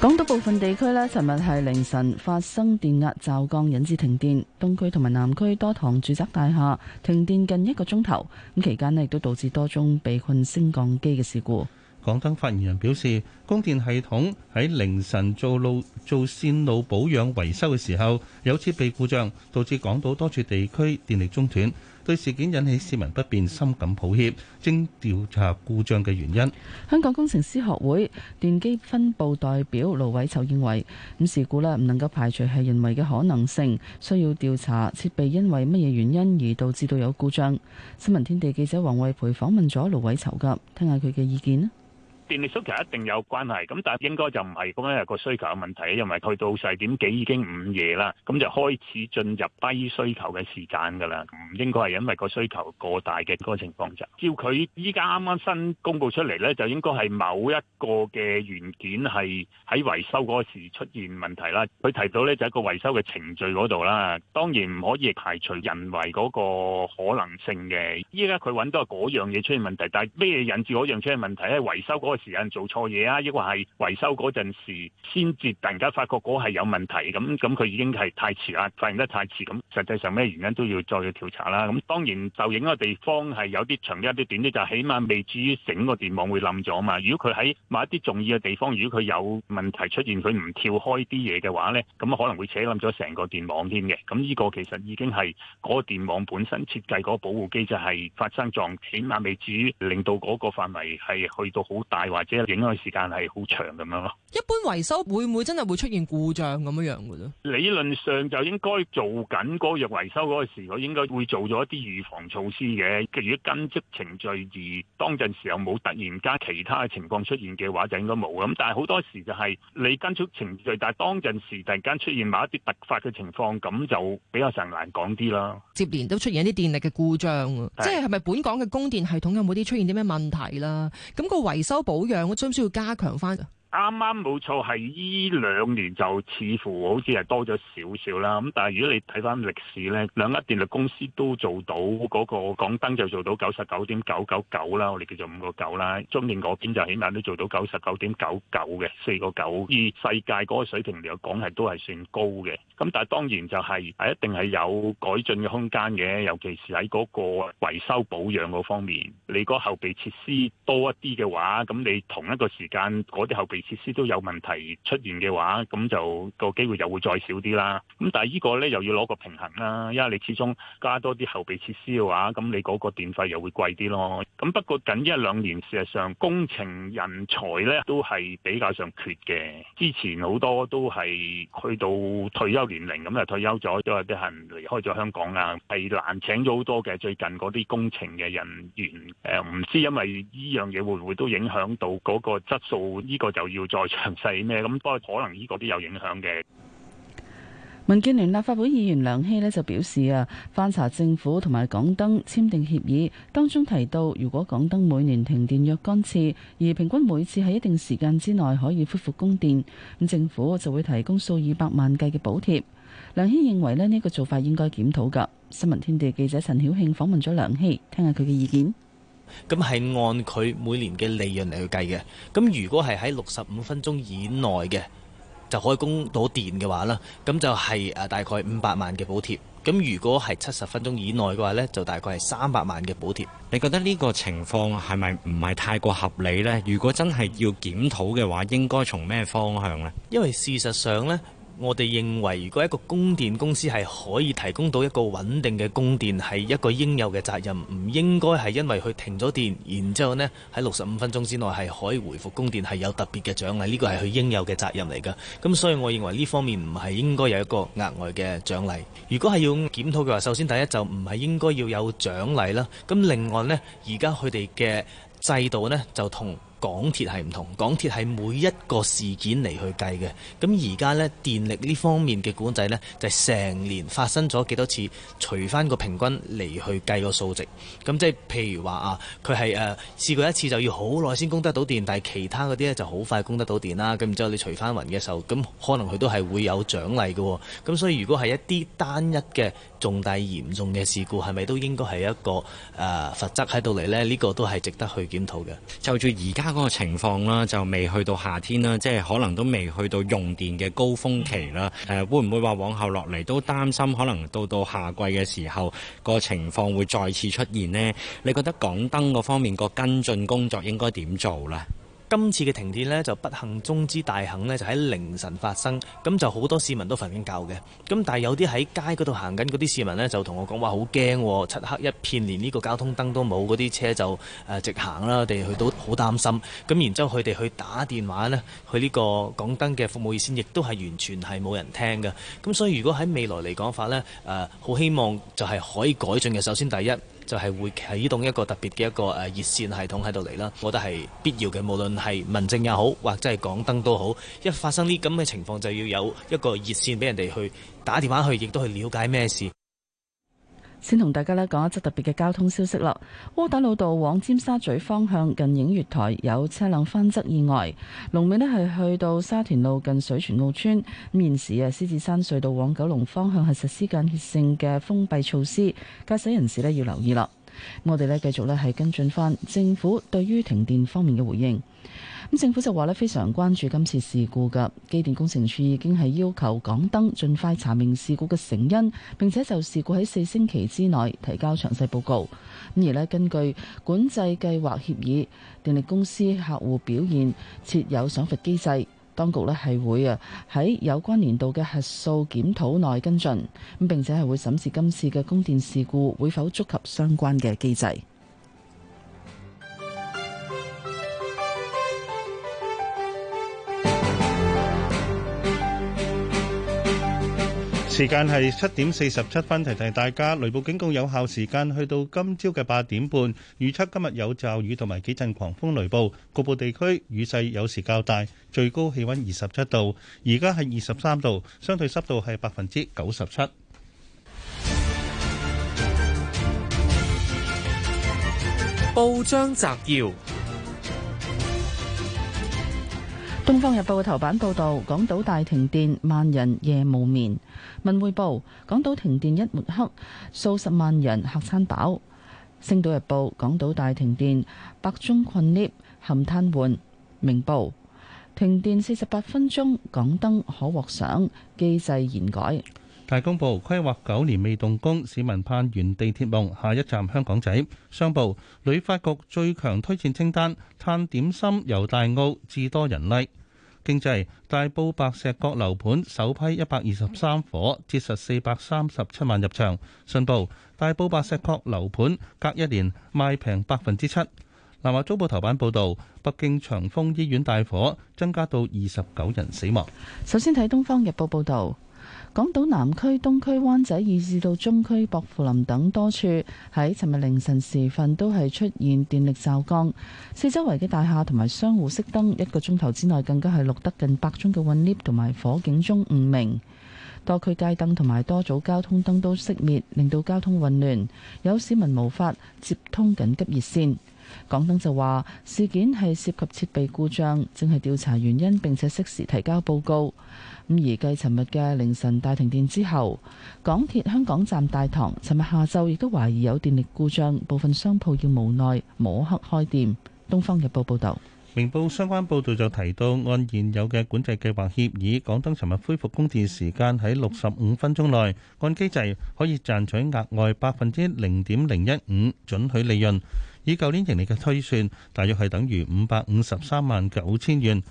S3: 港島部分地區呢，尋日係凌晨發生電壓驟降，引致停電。東區同埋南區多幢住宅大廈停電近一個鐘頭。咁期間咧，亦都導致多宗被困升降機嘅事故。
S4: 港燈發言人表示，供電系統喺凌晨做路做線路保養維修嘅時候，有設備故障，導致港島多處地區電力中斷。對事件引起市民不便深感抱歉，正調查故障嘅原因。
S3: 香港工程師學會電機分部代表盧偉籌認為，咁事故咧唔能夠排除係人為嘅可能性，需要調查設備因為乜嘢原因而導致到有故障。新聞天地記者黃惠培訪問咗盧偉籌嘅，聽下佢嘅意見。
S19: 電力需求一定有關係，咁但係應該就唔係咁樣個需求嘅問題，因為佢到四點幾已經午夜啦，咁就開始進入低需求嘅時間㗎啦，唔應該係因為個需求過大嘅嗰個情況就。照佢依家啱啱新公佈出嚟呢，就應該係某一個嘅元件係喺維修嗰時出現問題啦。佢提到呢，就係個維修嘅程序嗰度啦，當然唔可以排除人為嗰個可能性嘅。依家佢揾到係嗰樣嘢出現問題，但係咩引致嗰樣出現問題咧？維修嗰時間做錯嘢啊，抑或係維修嗰陣時先至突然間發覺嗰係有問題，咁咁佢已經係太遲啦，發現得太遲。咁實際上咩原因都要再去調查啦。咁當然就影個地方係有啲長一啲短啲，就起碼未至於整個電網會冧咗嘛。如果佢喺某一啲重要嘅地方，如果佢有問題出現，佢唔跳開啲嘢嘅話呢，咁可能會扯冧咗成個電網添嘅。咁呢個其實已經係嗰個電網本身設計嗰個保護機制係發生撞，起碼未至於令到嗰個範圍係去到好大。或者影響嘅時間係好長咁樣咯。一
S6: 般維修會唔會真係會出現故障咁樣樣嘅咧？會
S19: 會理論上就應該做緊嗰個維修嗰個時候，我應該會做咗一啲預防措施嘅。如果跟足程序而當陣時又冇突然間其他嘅情況出現嘅話，就應該冇。咁但係好多時就係你跟足程序，但係當陣時突然間出現某一啲突發嘅情況，咁就比較上難講啲啦。
S6: 接連都出現一啲電力嘅故障，是即係係咪本港嘅供電系統有冇啲出現啲咩問題啦？咁、那個維修部。保養我需唔需要加強翻？
S19: 啱啱冇錯，係依兩年就似乎好似係多咗少少啦。咁但係如果你睇返歷史呢，兩家電力公司都做到嗰個，港燈就做到九十九點九九九啦，我哋叫做五個九啦。中電嗰邊就起碼都做到九十九點九九嘅四個九，以世界嗰個水平嚟講係都係算高嘅。咁但係當然就係係一定係有改進嘅空間嘅，尤其是喺嗰個維修保養嗰方面，你個後備設施多一啲嘅話，咁你同一個時間嗰啲後備設施都有問題出現嘅話，咁就、個機會又會再少啲啦。咁但係呢個呢，又要攞個平衡啦，因為你始終加多啲後備設施嘅話，咁你嗰個電費又會貴啲咯。咁不過近一兩年事實上工程人才呢，都係比較上缺嘅。之前好多都係去到退休年齡咁啊，就退休咗，都有啲人離開咗香港啊，係難請咗好多嘅。最近嗰啲工程嘅人員誒，唔、呃、知因為呢樣嘢會唔會都影響到嗰個質素？呢、這個就。要再詳細咩？咁都係可能呢個啲有影響嘅。
S3: 民建聯立法會議員梁希呢就表示啊，翻查政府同埋港燈簽訂協議，當中提到如果港燈每年停電若干次，而平均每次喺一定時間之內可以恢復供電，咁政府就會提供數以百萬計嘅補貼。梁希認為呢呢個做法應該檢討㗎。新聞天地記者陳曉慶訪問咗梁希，聽下佢嘅意見。
S7: 咁係按佢每年嘅利潤嚟去計嘅。咁如果係喺六十五分鐘以內嘅，就可以供到電嘅話啦。咁就係誒大概五百萬嘅補貼。咁如果係七十分鐘以內嘅話呢，就大概係三百萬嘅補貼。你覺得呢個情況係咪唔係太過合理呢？如果真係要檢討嘅話，應該從咩方向呢？因為事實上呢。我哋認為，如果一個供電公司係可以提供到一個穩定嘅供電，係一個應有嘅責任，唔應該係因為佢停咗電，然之後呢，喺六十五分鐘之內係可以回復供電，係有特別嘅獎勵，呢個係佢應有嘅責任嚟㗎。咁所以，我認為呢方面唔係應該有一個額外嘅獎勵。如果係要檢討嘅話，首先第一就唔係應該要有獎勵啦。咁另外呢，而家佢哋嘅制度呢，就同。港鐵係唔同，港鐵係每一個事件嚟去計嘅。咁而家咧，電力呢方面嘅管制咧，就係成年發生咗幾多次，除翻個平均嚟去計個數值。咁即係譬如話啊，佢係誒試過一次就要好耐先供得到電，但係其他嗰啲咧就好快供得到電啦。咁然之後你除翻勻嘅時候，咁可能佢都係會有獎勵嘅。咁所以如果係一啲單一嘅重大嚴重嘅事故，係咪都應該係一個誒罰則喺度嚟咧？呢個都係值得去檢討嘅。就住而家。嗰個情況啦，就未去到夏天啦，即係可能都未去到用電嘅高峰期啦。誒、呃，會唔會話往後落嚟都擔心，可能到到夏季嘅時候，這個情況會再次出現呢？你覺得港燈嗰方面個跟進工作應該點做呢？今次嘅停電咧，就不幸中之大幸咧，就喺凌晨發生，咁就好多市民都瞓緊覺嘅。咁但係有啲喺街嗰度行緊嗰啲市民呢，就同我講話好驚，漆黑一片，連呢個交通燈都冇，嗰啲車就誒直行啦，我哋去到好擔心。咁然之後佢哋去打電話呢，去呢個港燈嘅服務熱線，亦都係完全係冇人聽嘅。咁所以如果喺未來嚟講法呢，誒、呃、好希望就係可以改進嘅。首先第一，就係會啟動一個特別嘅一個誒熱線系統喺度嚟啦，我覺得係必要嘅，無論係民政又好，或者係港燈都好，一發生呢咁嘅情況，就要有一個熱線俾人哋去打電話去，亦都去了解咩事。
S3: 先同大家咧講一則特別嘅交通消息啦。窩打老道往尖沙咀方向近映月台有車輛翻側意外。龍尾咧係去到沙田路近水泉澳村。咁現時啊，獅子山隧道往九龍方向係實施間歇性嘅封閉措施，駕駛人士咧要留意啦。我哋咧繼續咧係跟進翻政府對於停電方面嘅回應。咁政府就話呢，非常關注今次事故嘅，機電工程署已經係要求港燈盡快查明事故嘅成因，並且就事故喺四星期之內提交詳細報告。咁而呢，根據管制計劃協議，電力公司客戶表現設有賞罰機制，當局呢係會啊喺有關年度嘅核數檢討內跟進，咁並且係會審視今次嘅供電事故會否觸及相關嘅機制。
S4: 時間係七點四十七分，提提大家雷暴警告有效時間去到今朝嘅八點半。預測今日有驟雨同埋幾陣狂風雷暴，局部地區雨勢有時較大。最高氣温二十七度，而家係二十三度，相對濕度係百分之九十七。報章摘要。
S3: 《東方日報》頭版報導，港島大停電，萬人夜無眠。《文匯報》港島停電一抹黑，數十萬人客餐飽。《星島日報》港島大停電，百中困 𨋢，含癱瘓。《明報》停電四十八分鐘，港燈可獲賞機制延改。
S4: 《大公報》規劃九年未動工，市民盼圓地鐵夢。下一站香港仔。《商報》旅發局最強推薦清單，嘆點心由大澳，至多人嚟。經濟大埔白石角樓盤首批一百二十三伙，折實四百三十七萬入場。信報大埔白石角樓盤隔一年賣平百分之七。南華早報頭版報道：北京長峰醫院大火增加到二十九人死亡。
S3: 首先睇《東方日報》報道。港島南區、東區、灣仔，以至到中區、薄扶林等多處，喺尋日凌晨時分都係出現電力驟降，四周圍嘅大廈同埋商戶熄燈，一個鐘頭之內更加係錄得近百宗嘅揾跌同埋火警鐘誤鳴，多區街燈同埋多組交通燈都熄滅，令到交通混亂，有市民無法接通緊急熱線。港燈就話事件係涉及設備故障，正係調查原因並且適時提交報告。咁而繼尋日嘅凌晨大停電之後，港鐵香港站大堂尋日下晝亦都懷疑有電力故障，部分商鋪要無奈摸黑開店。《東方日報》報導，
S4: 明報相關報導就提到，按現有嘅管制計劃協議，港燈尋日恢復供電時間喺六十五分鐘內，按機制可以賺取額外百分之零點零一五準許利潤。以舊年盈利嘅推算，大約係等於五百五十三萬九千元。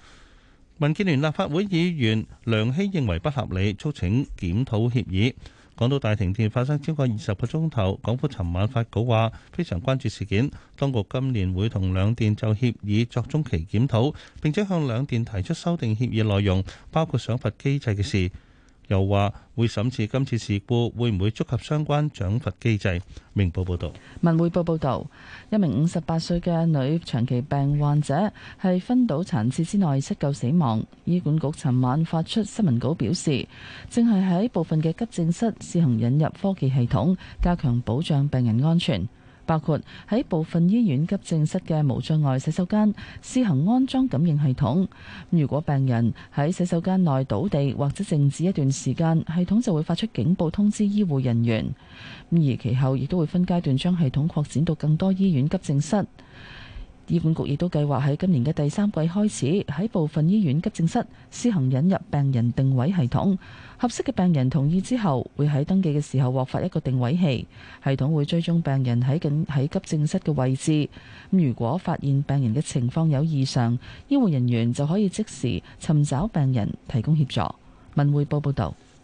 S4: 民建聯立法會議員梁希認為不合理，促請檢討協議。講到大停電發生超過二十個鐘頭，港府尋晚發稿話非常關注事件，當局今年會同兩電就協議作中期檢討，並且向兩電提出修訂協議內容，包括賞罰機制嘅事。又話會審視今次事故會唔會觸及相關獎罰機制。明報報導，
S3: 文匯報報導，一名五十八歲嘅女長期病患者喺分倒殘次之內失救死亡。醫管局尋晚發出新聞稿表示，正係喺部分嘅急症室試行引入科技系統，加強保障病人安全。包括喺部分醫院急症室嘅無障礙洗手間試行安裝感應系統，咁如果病人喺洗手間內倒地或者靜止一段時間，系統就會發出警報通知醫護人員，咁而其後亦都會分階段將系統擴展到更多醫院急症室。醫管局亦都計劃喺今年嘅第三季開始，喺部分醫院急症室施行引入病人定位系統，合適嘅病人同意之後，會喺登記嘅時候獲發一個定位器，系統會追蹤病人喺緊喺急症室嘅位置。咁如果發現病人嘅情況有異常，醫護人員就可以即時尋找病人，提供協助。文匯報報道。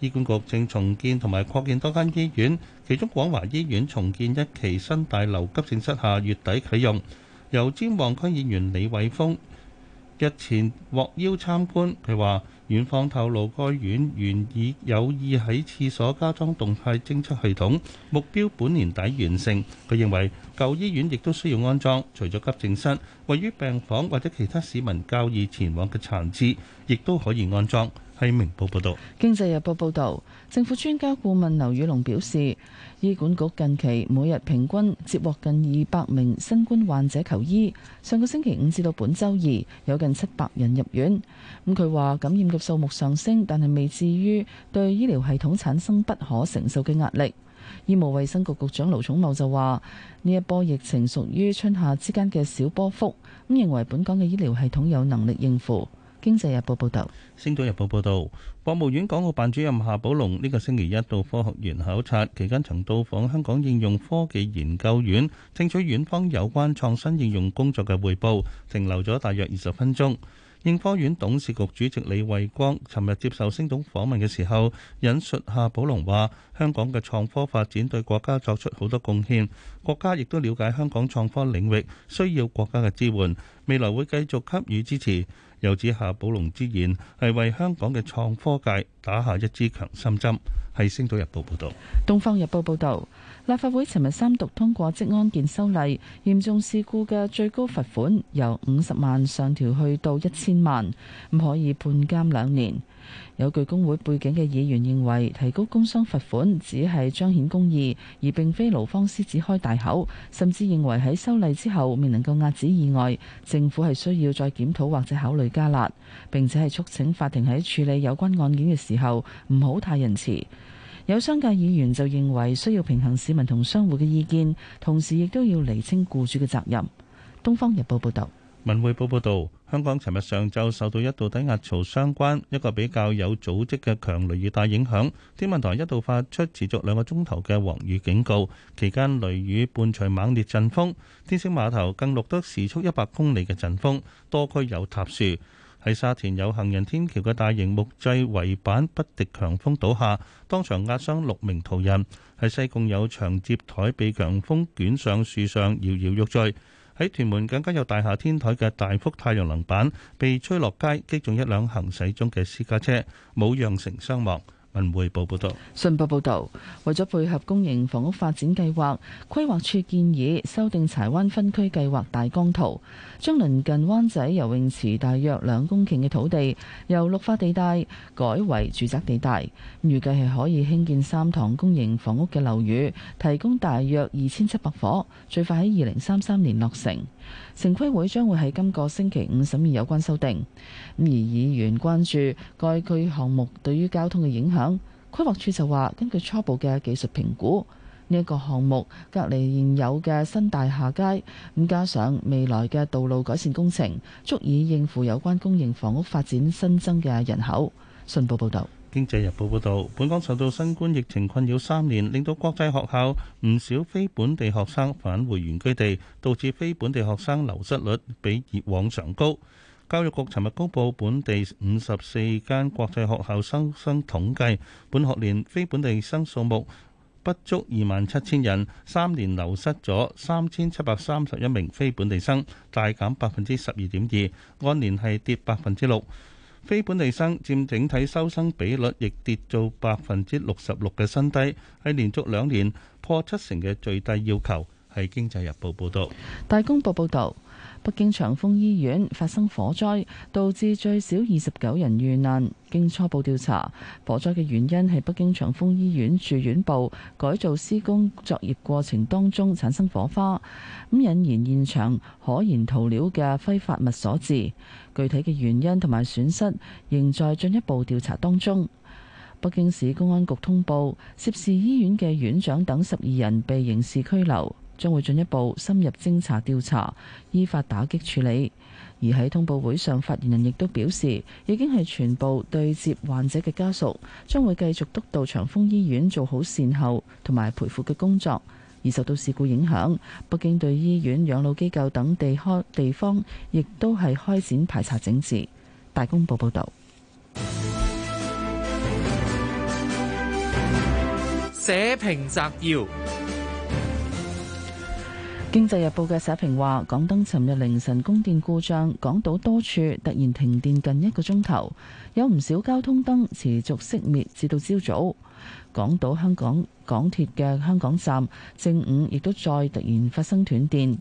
S4: 醫管局正重建同埋擴建多間醫院，其中廣華醫院重建一期新大樓急症室下月底啟用。由尖旺區議員李偉峰日前獲邀參觀，佢話院方透露該院原已有意喺廁所加裝動態偵測系統，目標本年底完成。佢認為舊醫院亦都需要安裝，除咗急症室，位於病房或者其他市民較易前往嘅殘廁，亦都可以安裝。《明報》報道，
S3: 《經濟日報》報道，政府專家顧問劉宇龍表示，醫管局近期每日平均接獲近二百名新冠患者求醫。上個星期五至到本周二，有近七百人入院。咁佢話感染嘅數目上升，但係未至於對醫療系統產生不可承受嘅壓力。醫務衛生局局長盧寵茂就話，呢一波疫情屬於春夏之間嘅小波幅，咁認為本港嘅醫療系統有能力應付。經濟日報報道，
S4: 星島日報報道，國務院港澳辦主任夏寶龍呢個星期一到科學園考察，期間曾到訪香港應用科技研究院，聽取院方有關創新應用工作嘅匯報，停留咗大約二十分鐘。應科院董事局主席李慧光尋日接受星島訪問嘅時候，引述夏寶龍話：香港嘅創科發展對國家作出好多貢獻，國家亦都了解香港創科領域需要國家嘅支援，未來會繼續給予支持。又指夏寶龍之言係為香港嘅創科界打下一支強心針，係星島日報報道，
S3: 東方日報報道，立法會尋日三讀通過職安健修例，嚴重事故嘅最高罰款由五十萬上調去到一千萬，唔可以判監兩年。有具工會背景嘅議員認為，提高工傷罰款只係彰顯公義，而並非勞方獅子開大口。甚至認為喺修例之後，未能夠遏止意外，政府係需要再檢討或者考慮加辣。並且係促請法庭喺處理有關案件嘅時候，唔好太仁慈。有商界議員就認為，需要平衡市民同商戶嘅意見，同時亦都要釐清僱主嘅責任。《東方日報》報道。
S4: 文匯報報道，香港尋日上晝受到一度低壓槽相關，一個比較有組織嘅強雷雨帶影響。天文台一度發出持續兩個鐘頭嘅黃雨警告，期間雷雨伴隨猛烈陣風，天星碼頭更錄得時速一百公里嘅陣風，多區有塌樹。喺沙田，有行人天橋嘅大型木製圍板不敵強風倒下，當場壓傷六名途人。喺西貢，有長接枱被強風捲上樹上，搖搖欲墜。喺屯門更加有大廈天台嘅大幅太陽能板被吹落街，擊中一輛行駛中嘅私家車，冇造成傷亡。文匯報報導，
S3: 信報報導，為咗配合公營房屋發展計劃，規劃署建議修訂柴灣分區計劃大綱圖。將鄰近灣仔游泳池大約兩公頃嘅土地由綠化地帶改為住宅地帶，預計係可以興建三幢公營房屋嘅樓宇，提供大約二千七百伙，最快喺二零三三年落成。城規會將會喺今個星期五審議有關修訂。而議員關注該區項目對於交通嘅影響，規劃署就話根據初步嘅技術評估，呢一個項目隔離現有嘅新大廈街，咁加上未來嘅道路改善工程，足以應付有關公營房屋發展新增嘅人口。信報報導，
S4: 《經濟日報》報導，本港受到新冠疫情困擾三年，令到國際學校唔少非本地學生返回原居地，導致非本地學生流失率比以往常高。教育局尋日公佈本地五十四間國際學校收生統計，本學年非本地生數目，不足二萬七千人，三年流失咗三千七百三十一名非本地生，大減百分之十二點二，按年係跌百分之六。非本地生佔整體收生比率，亦跌到百分之六十六嘅新低，係連續兩年破七成嘅最低要求。喺經濟日報報道。
S3: 大公報報導報道。北京長峰醫院發生火災，導致最少二十九人遇難。經初步調查，火災嘅原因係北京長峰醫院住院部改造施工作業過程當中產生火花，引燃現場可燃塗料嘅揮發物所致。具體嘅原因同埋損失仍在進一步調查當中。北京市公安局通報，涉事醫院嘅院長等十二人被刑事拘留。將會進一步深入偵查調查，依法打擊處理。而喺通報會上，發言人亦都表示，已經係全部對接患者嘅家屬，將會繼續督導長峰醫院做好善後同埋賠付嘅工作。而受到事故影響，北京對醫院、養老機構等地開地方，亦都係開展排查整治。大公報報道。
S10: 社評摘要。
S3: 經濟日報嘅社評話，港燈尋日凌晨供電故障，港島多處突然停電近一個鐘頭，有唔少交通燈持續熄滅至到朝早。港島香港港鐵嘅香港站正午亦都再突然發生斷電。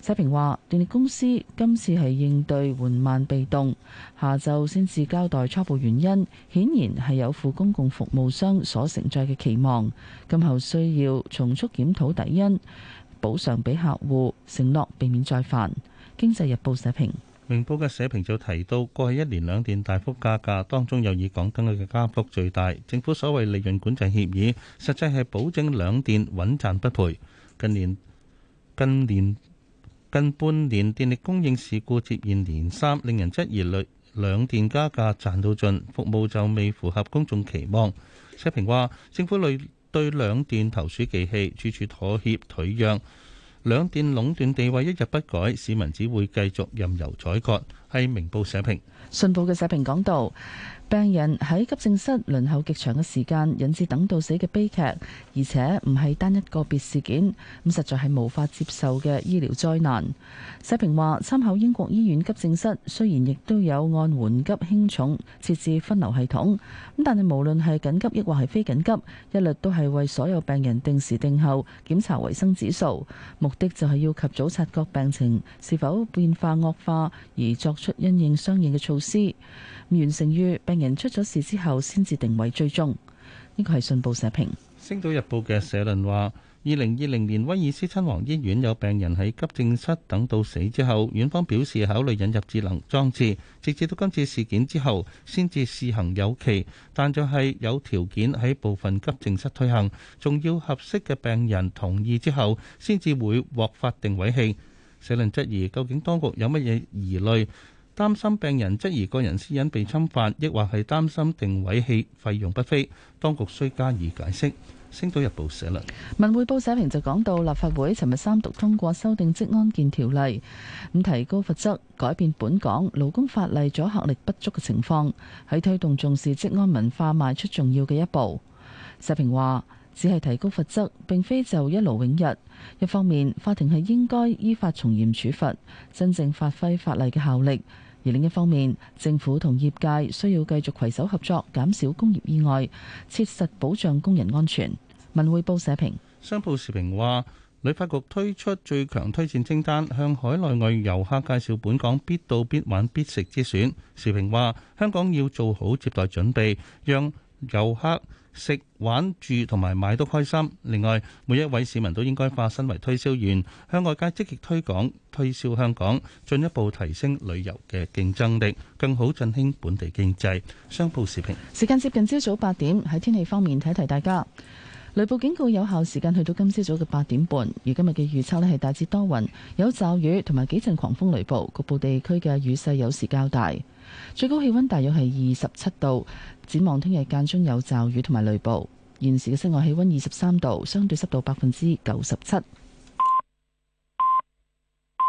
S3: 社評話，電力公司今次係應對緩慢被動，下晝先至交代初步原因，顯然係有負公共服務商所承載嘅期望，今後需要重速檢討底因。補償俾客戶，承諾避免再犯。經濟日報社評。
S4: 明報嘅社評就提到過去一年兩電大幅加價，當中又以港燈嘅加幅最大。政府所謂利潤管制協議，實際係保證兩電穩賺不賠。近年近年近半年電力供應事故接二連三，令人質疑兩兩電加價賺到盡，服務就未符合公眾期望。社評話，政府累，對兩電投鼠忌器，處處妥協退讓，兩電壟斷地位一日不改，市民只會繼續任由宰割。係明報社評。
S3: 信報嘅社評講道：病人喺急症室輪候極長嘅時間，引致等到死嘅悲劇，而且唔係單一個別事件，咁實在係無法接受嘅醫療災難。社評話：參考英國醫院急症室，雖然亦都有按緩急輕重設置分流系統，咁但係無論係緊急抑或係非緊急，一律都係為所有病人定時定候檢查維生指數，目的就係要及早察覺病情是否變化惡化而作出因應相應嘅措施。師唔完成於病人出咗事之後先至定位追蹤，呢個係信報社評。
S4: 《星島日報》嘅社論話：二零二零年威爾斯親王醫院有病人喺急症室等到死之後，院方表示考慮引入智能裝置，直至到今次事件之後先至試行有期，但就係有條件喺部分急症室推行，仲要合適嘅病人同意之後先至會獲發定位器。社論質疑究竟當局有乜嘢疑慮？擔心病人質疑個人私隱被侵犯，亦或係擔心定位器費用不菲，當局需加以解釋。星島日報社論，
S3: 文匯報社評就講到，立法會尋日三讀通過修訂職安健條例，咁提高罰則，改變本港勞工法例阻嚇效力不足嘅情況，喺推動重視職安文化，邁出重要嘅一步。社評話，只係提高罰則，並非就一勞永逸。一方面，法庭係應該依法從嚴處罰，真正發揮法例嘅效力。而另一方面，政府同業界需要繼續攜手合作，減少工業意外，切實保障工人安全。文匯報社評，
S4: 商報時評話，旅發局推出最強推薦清單，向海內外遊客介紹本港必到、必玩、必食之選。時評話，香港要做好接待準備，讓遊客。食、玩、住同埋買都開心。另外，每一位市民都應該化身為推銷員，向外界積極推廣推銷香港，進一步提升旅遊嘅競爭力，更好振興本地經濟。商報時評。
S3: 時間接近朝早八點，喺天氣方面提提大家。雷暴警告有效時間去到今朝早嘅八點半。而今日嘅預測呢係大致多雲，有驟雨同埋幾陣狂風雷暴，局部地區嘅雨勢有時較大。最高氣溫大約係二十七度，展望聽日間中有驟雨同埋雷暴。現時嘅室外氣溫二
S15: 十三度，相對濕度百分之九十七。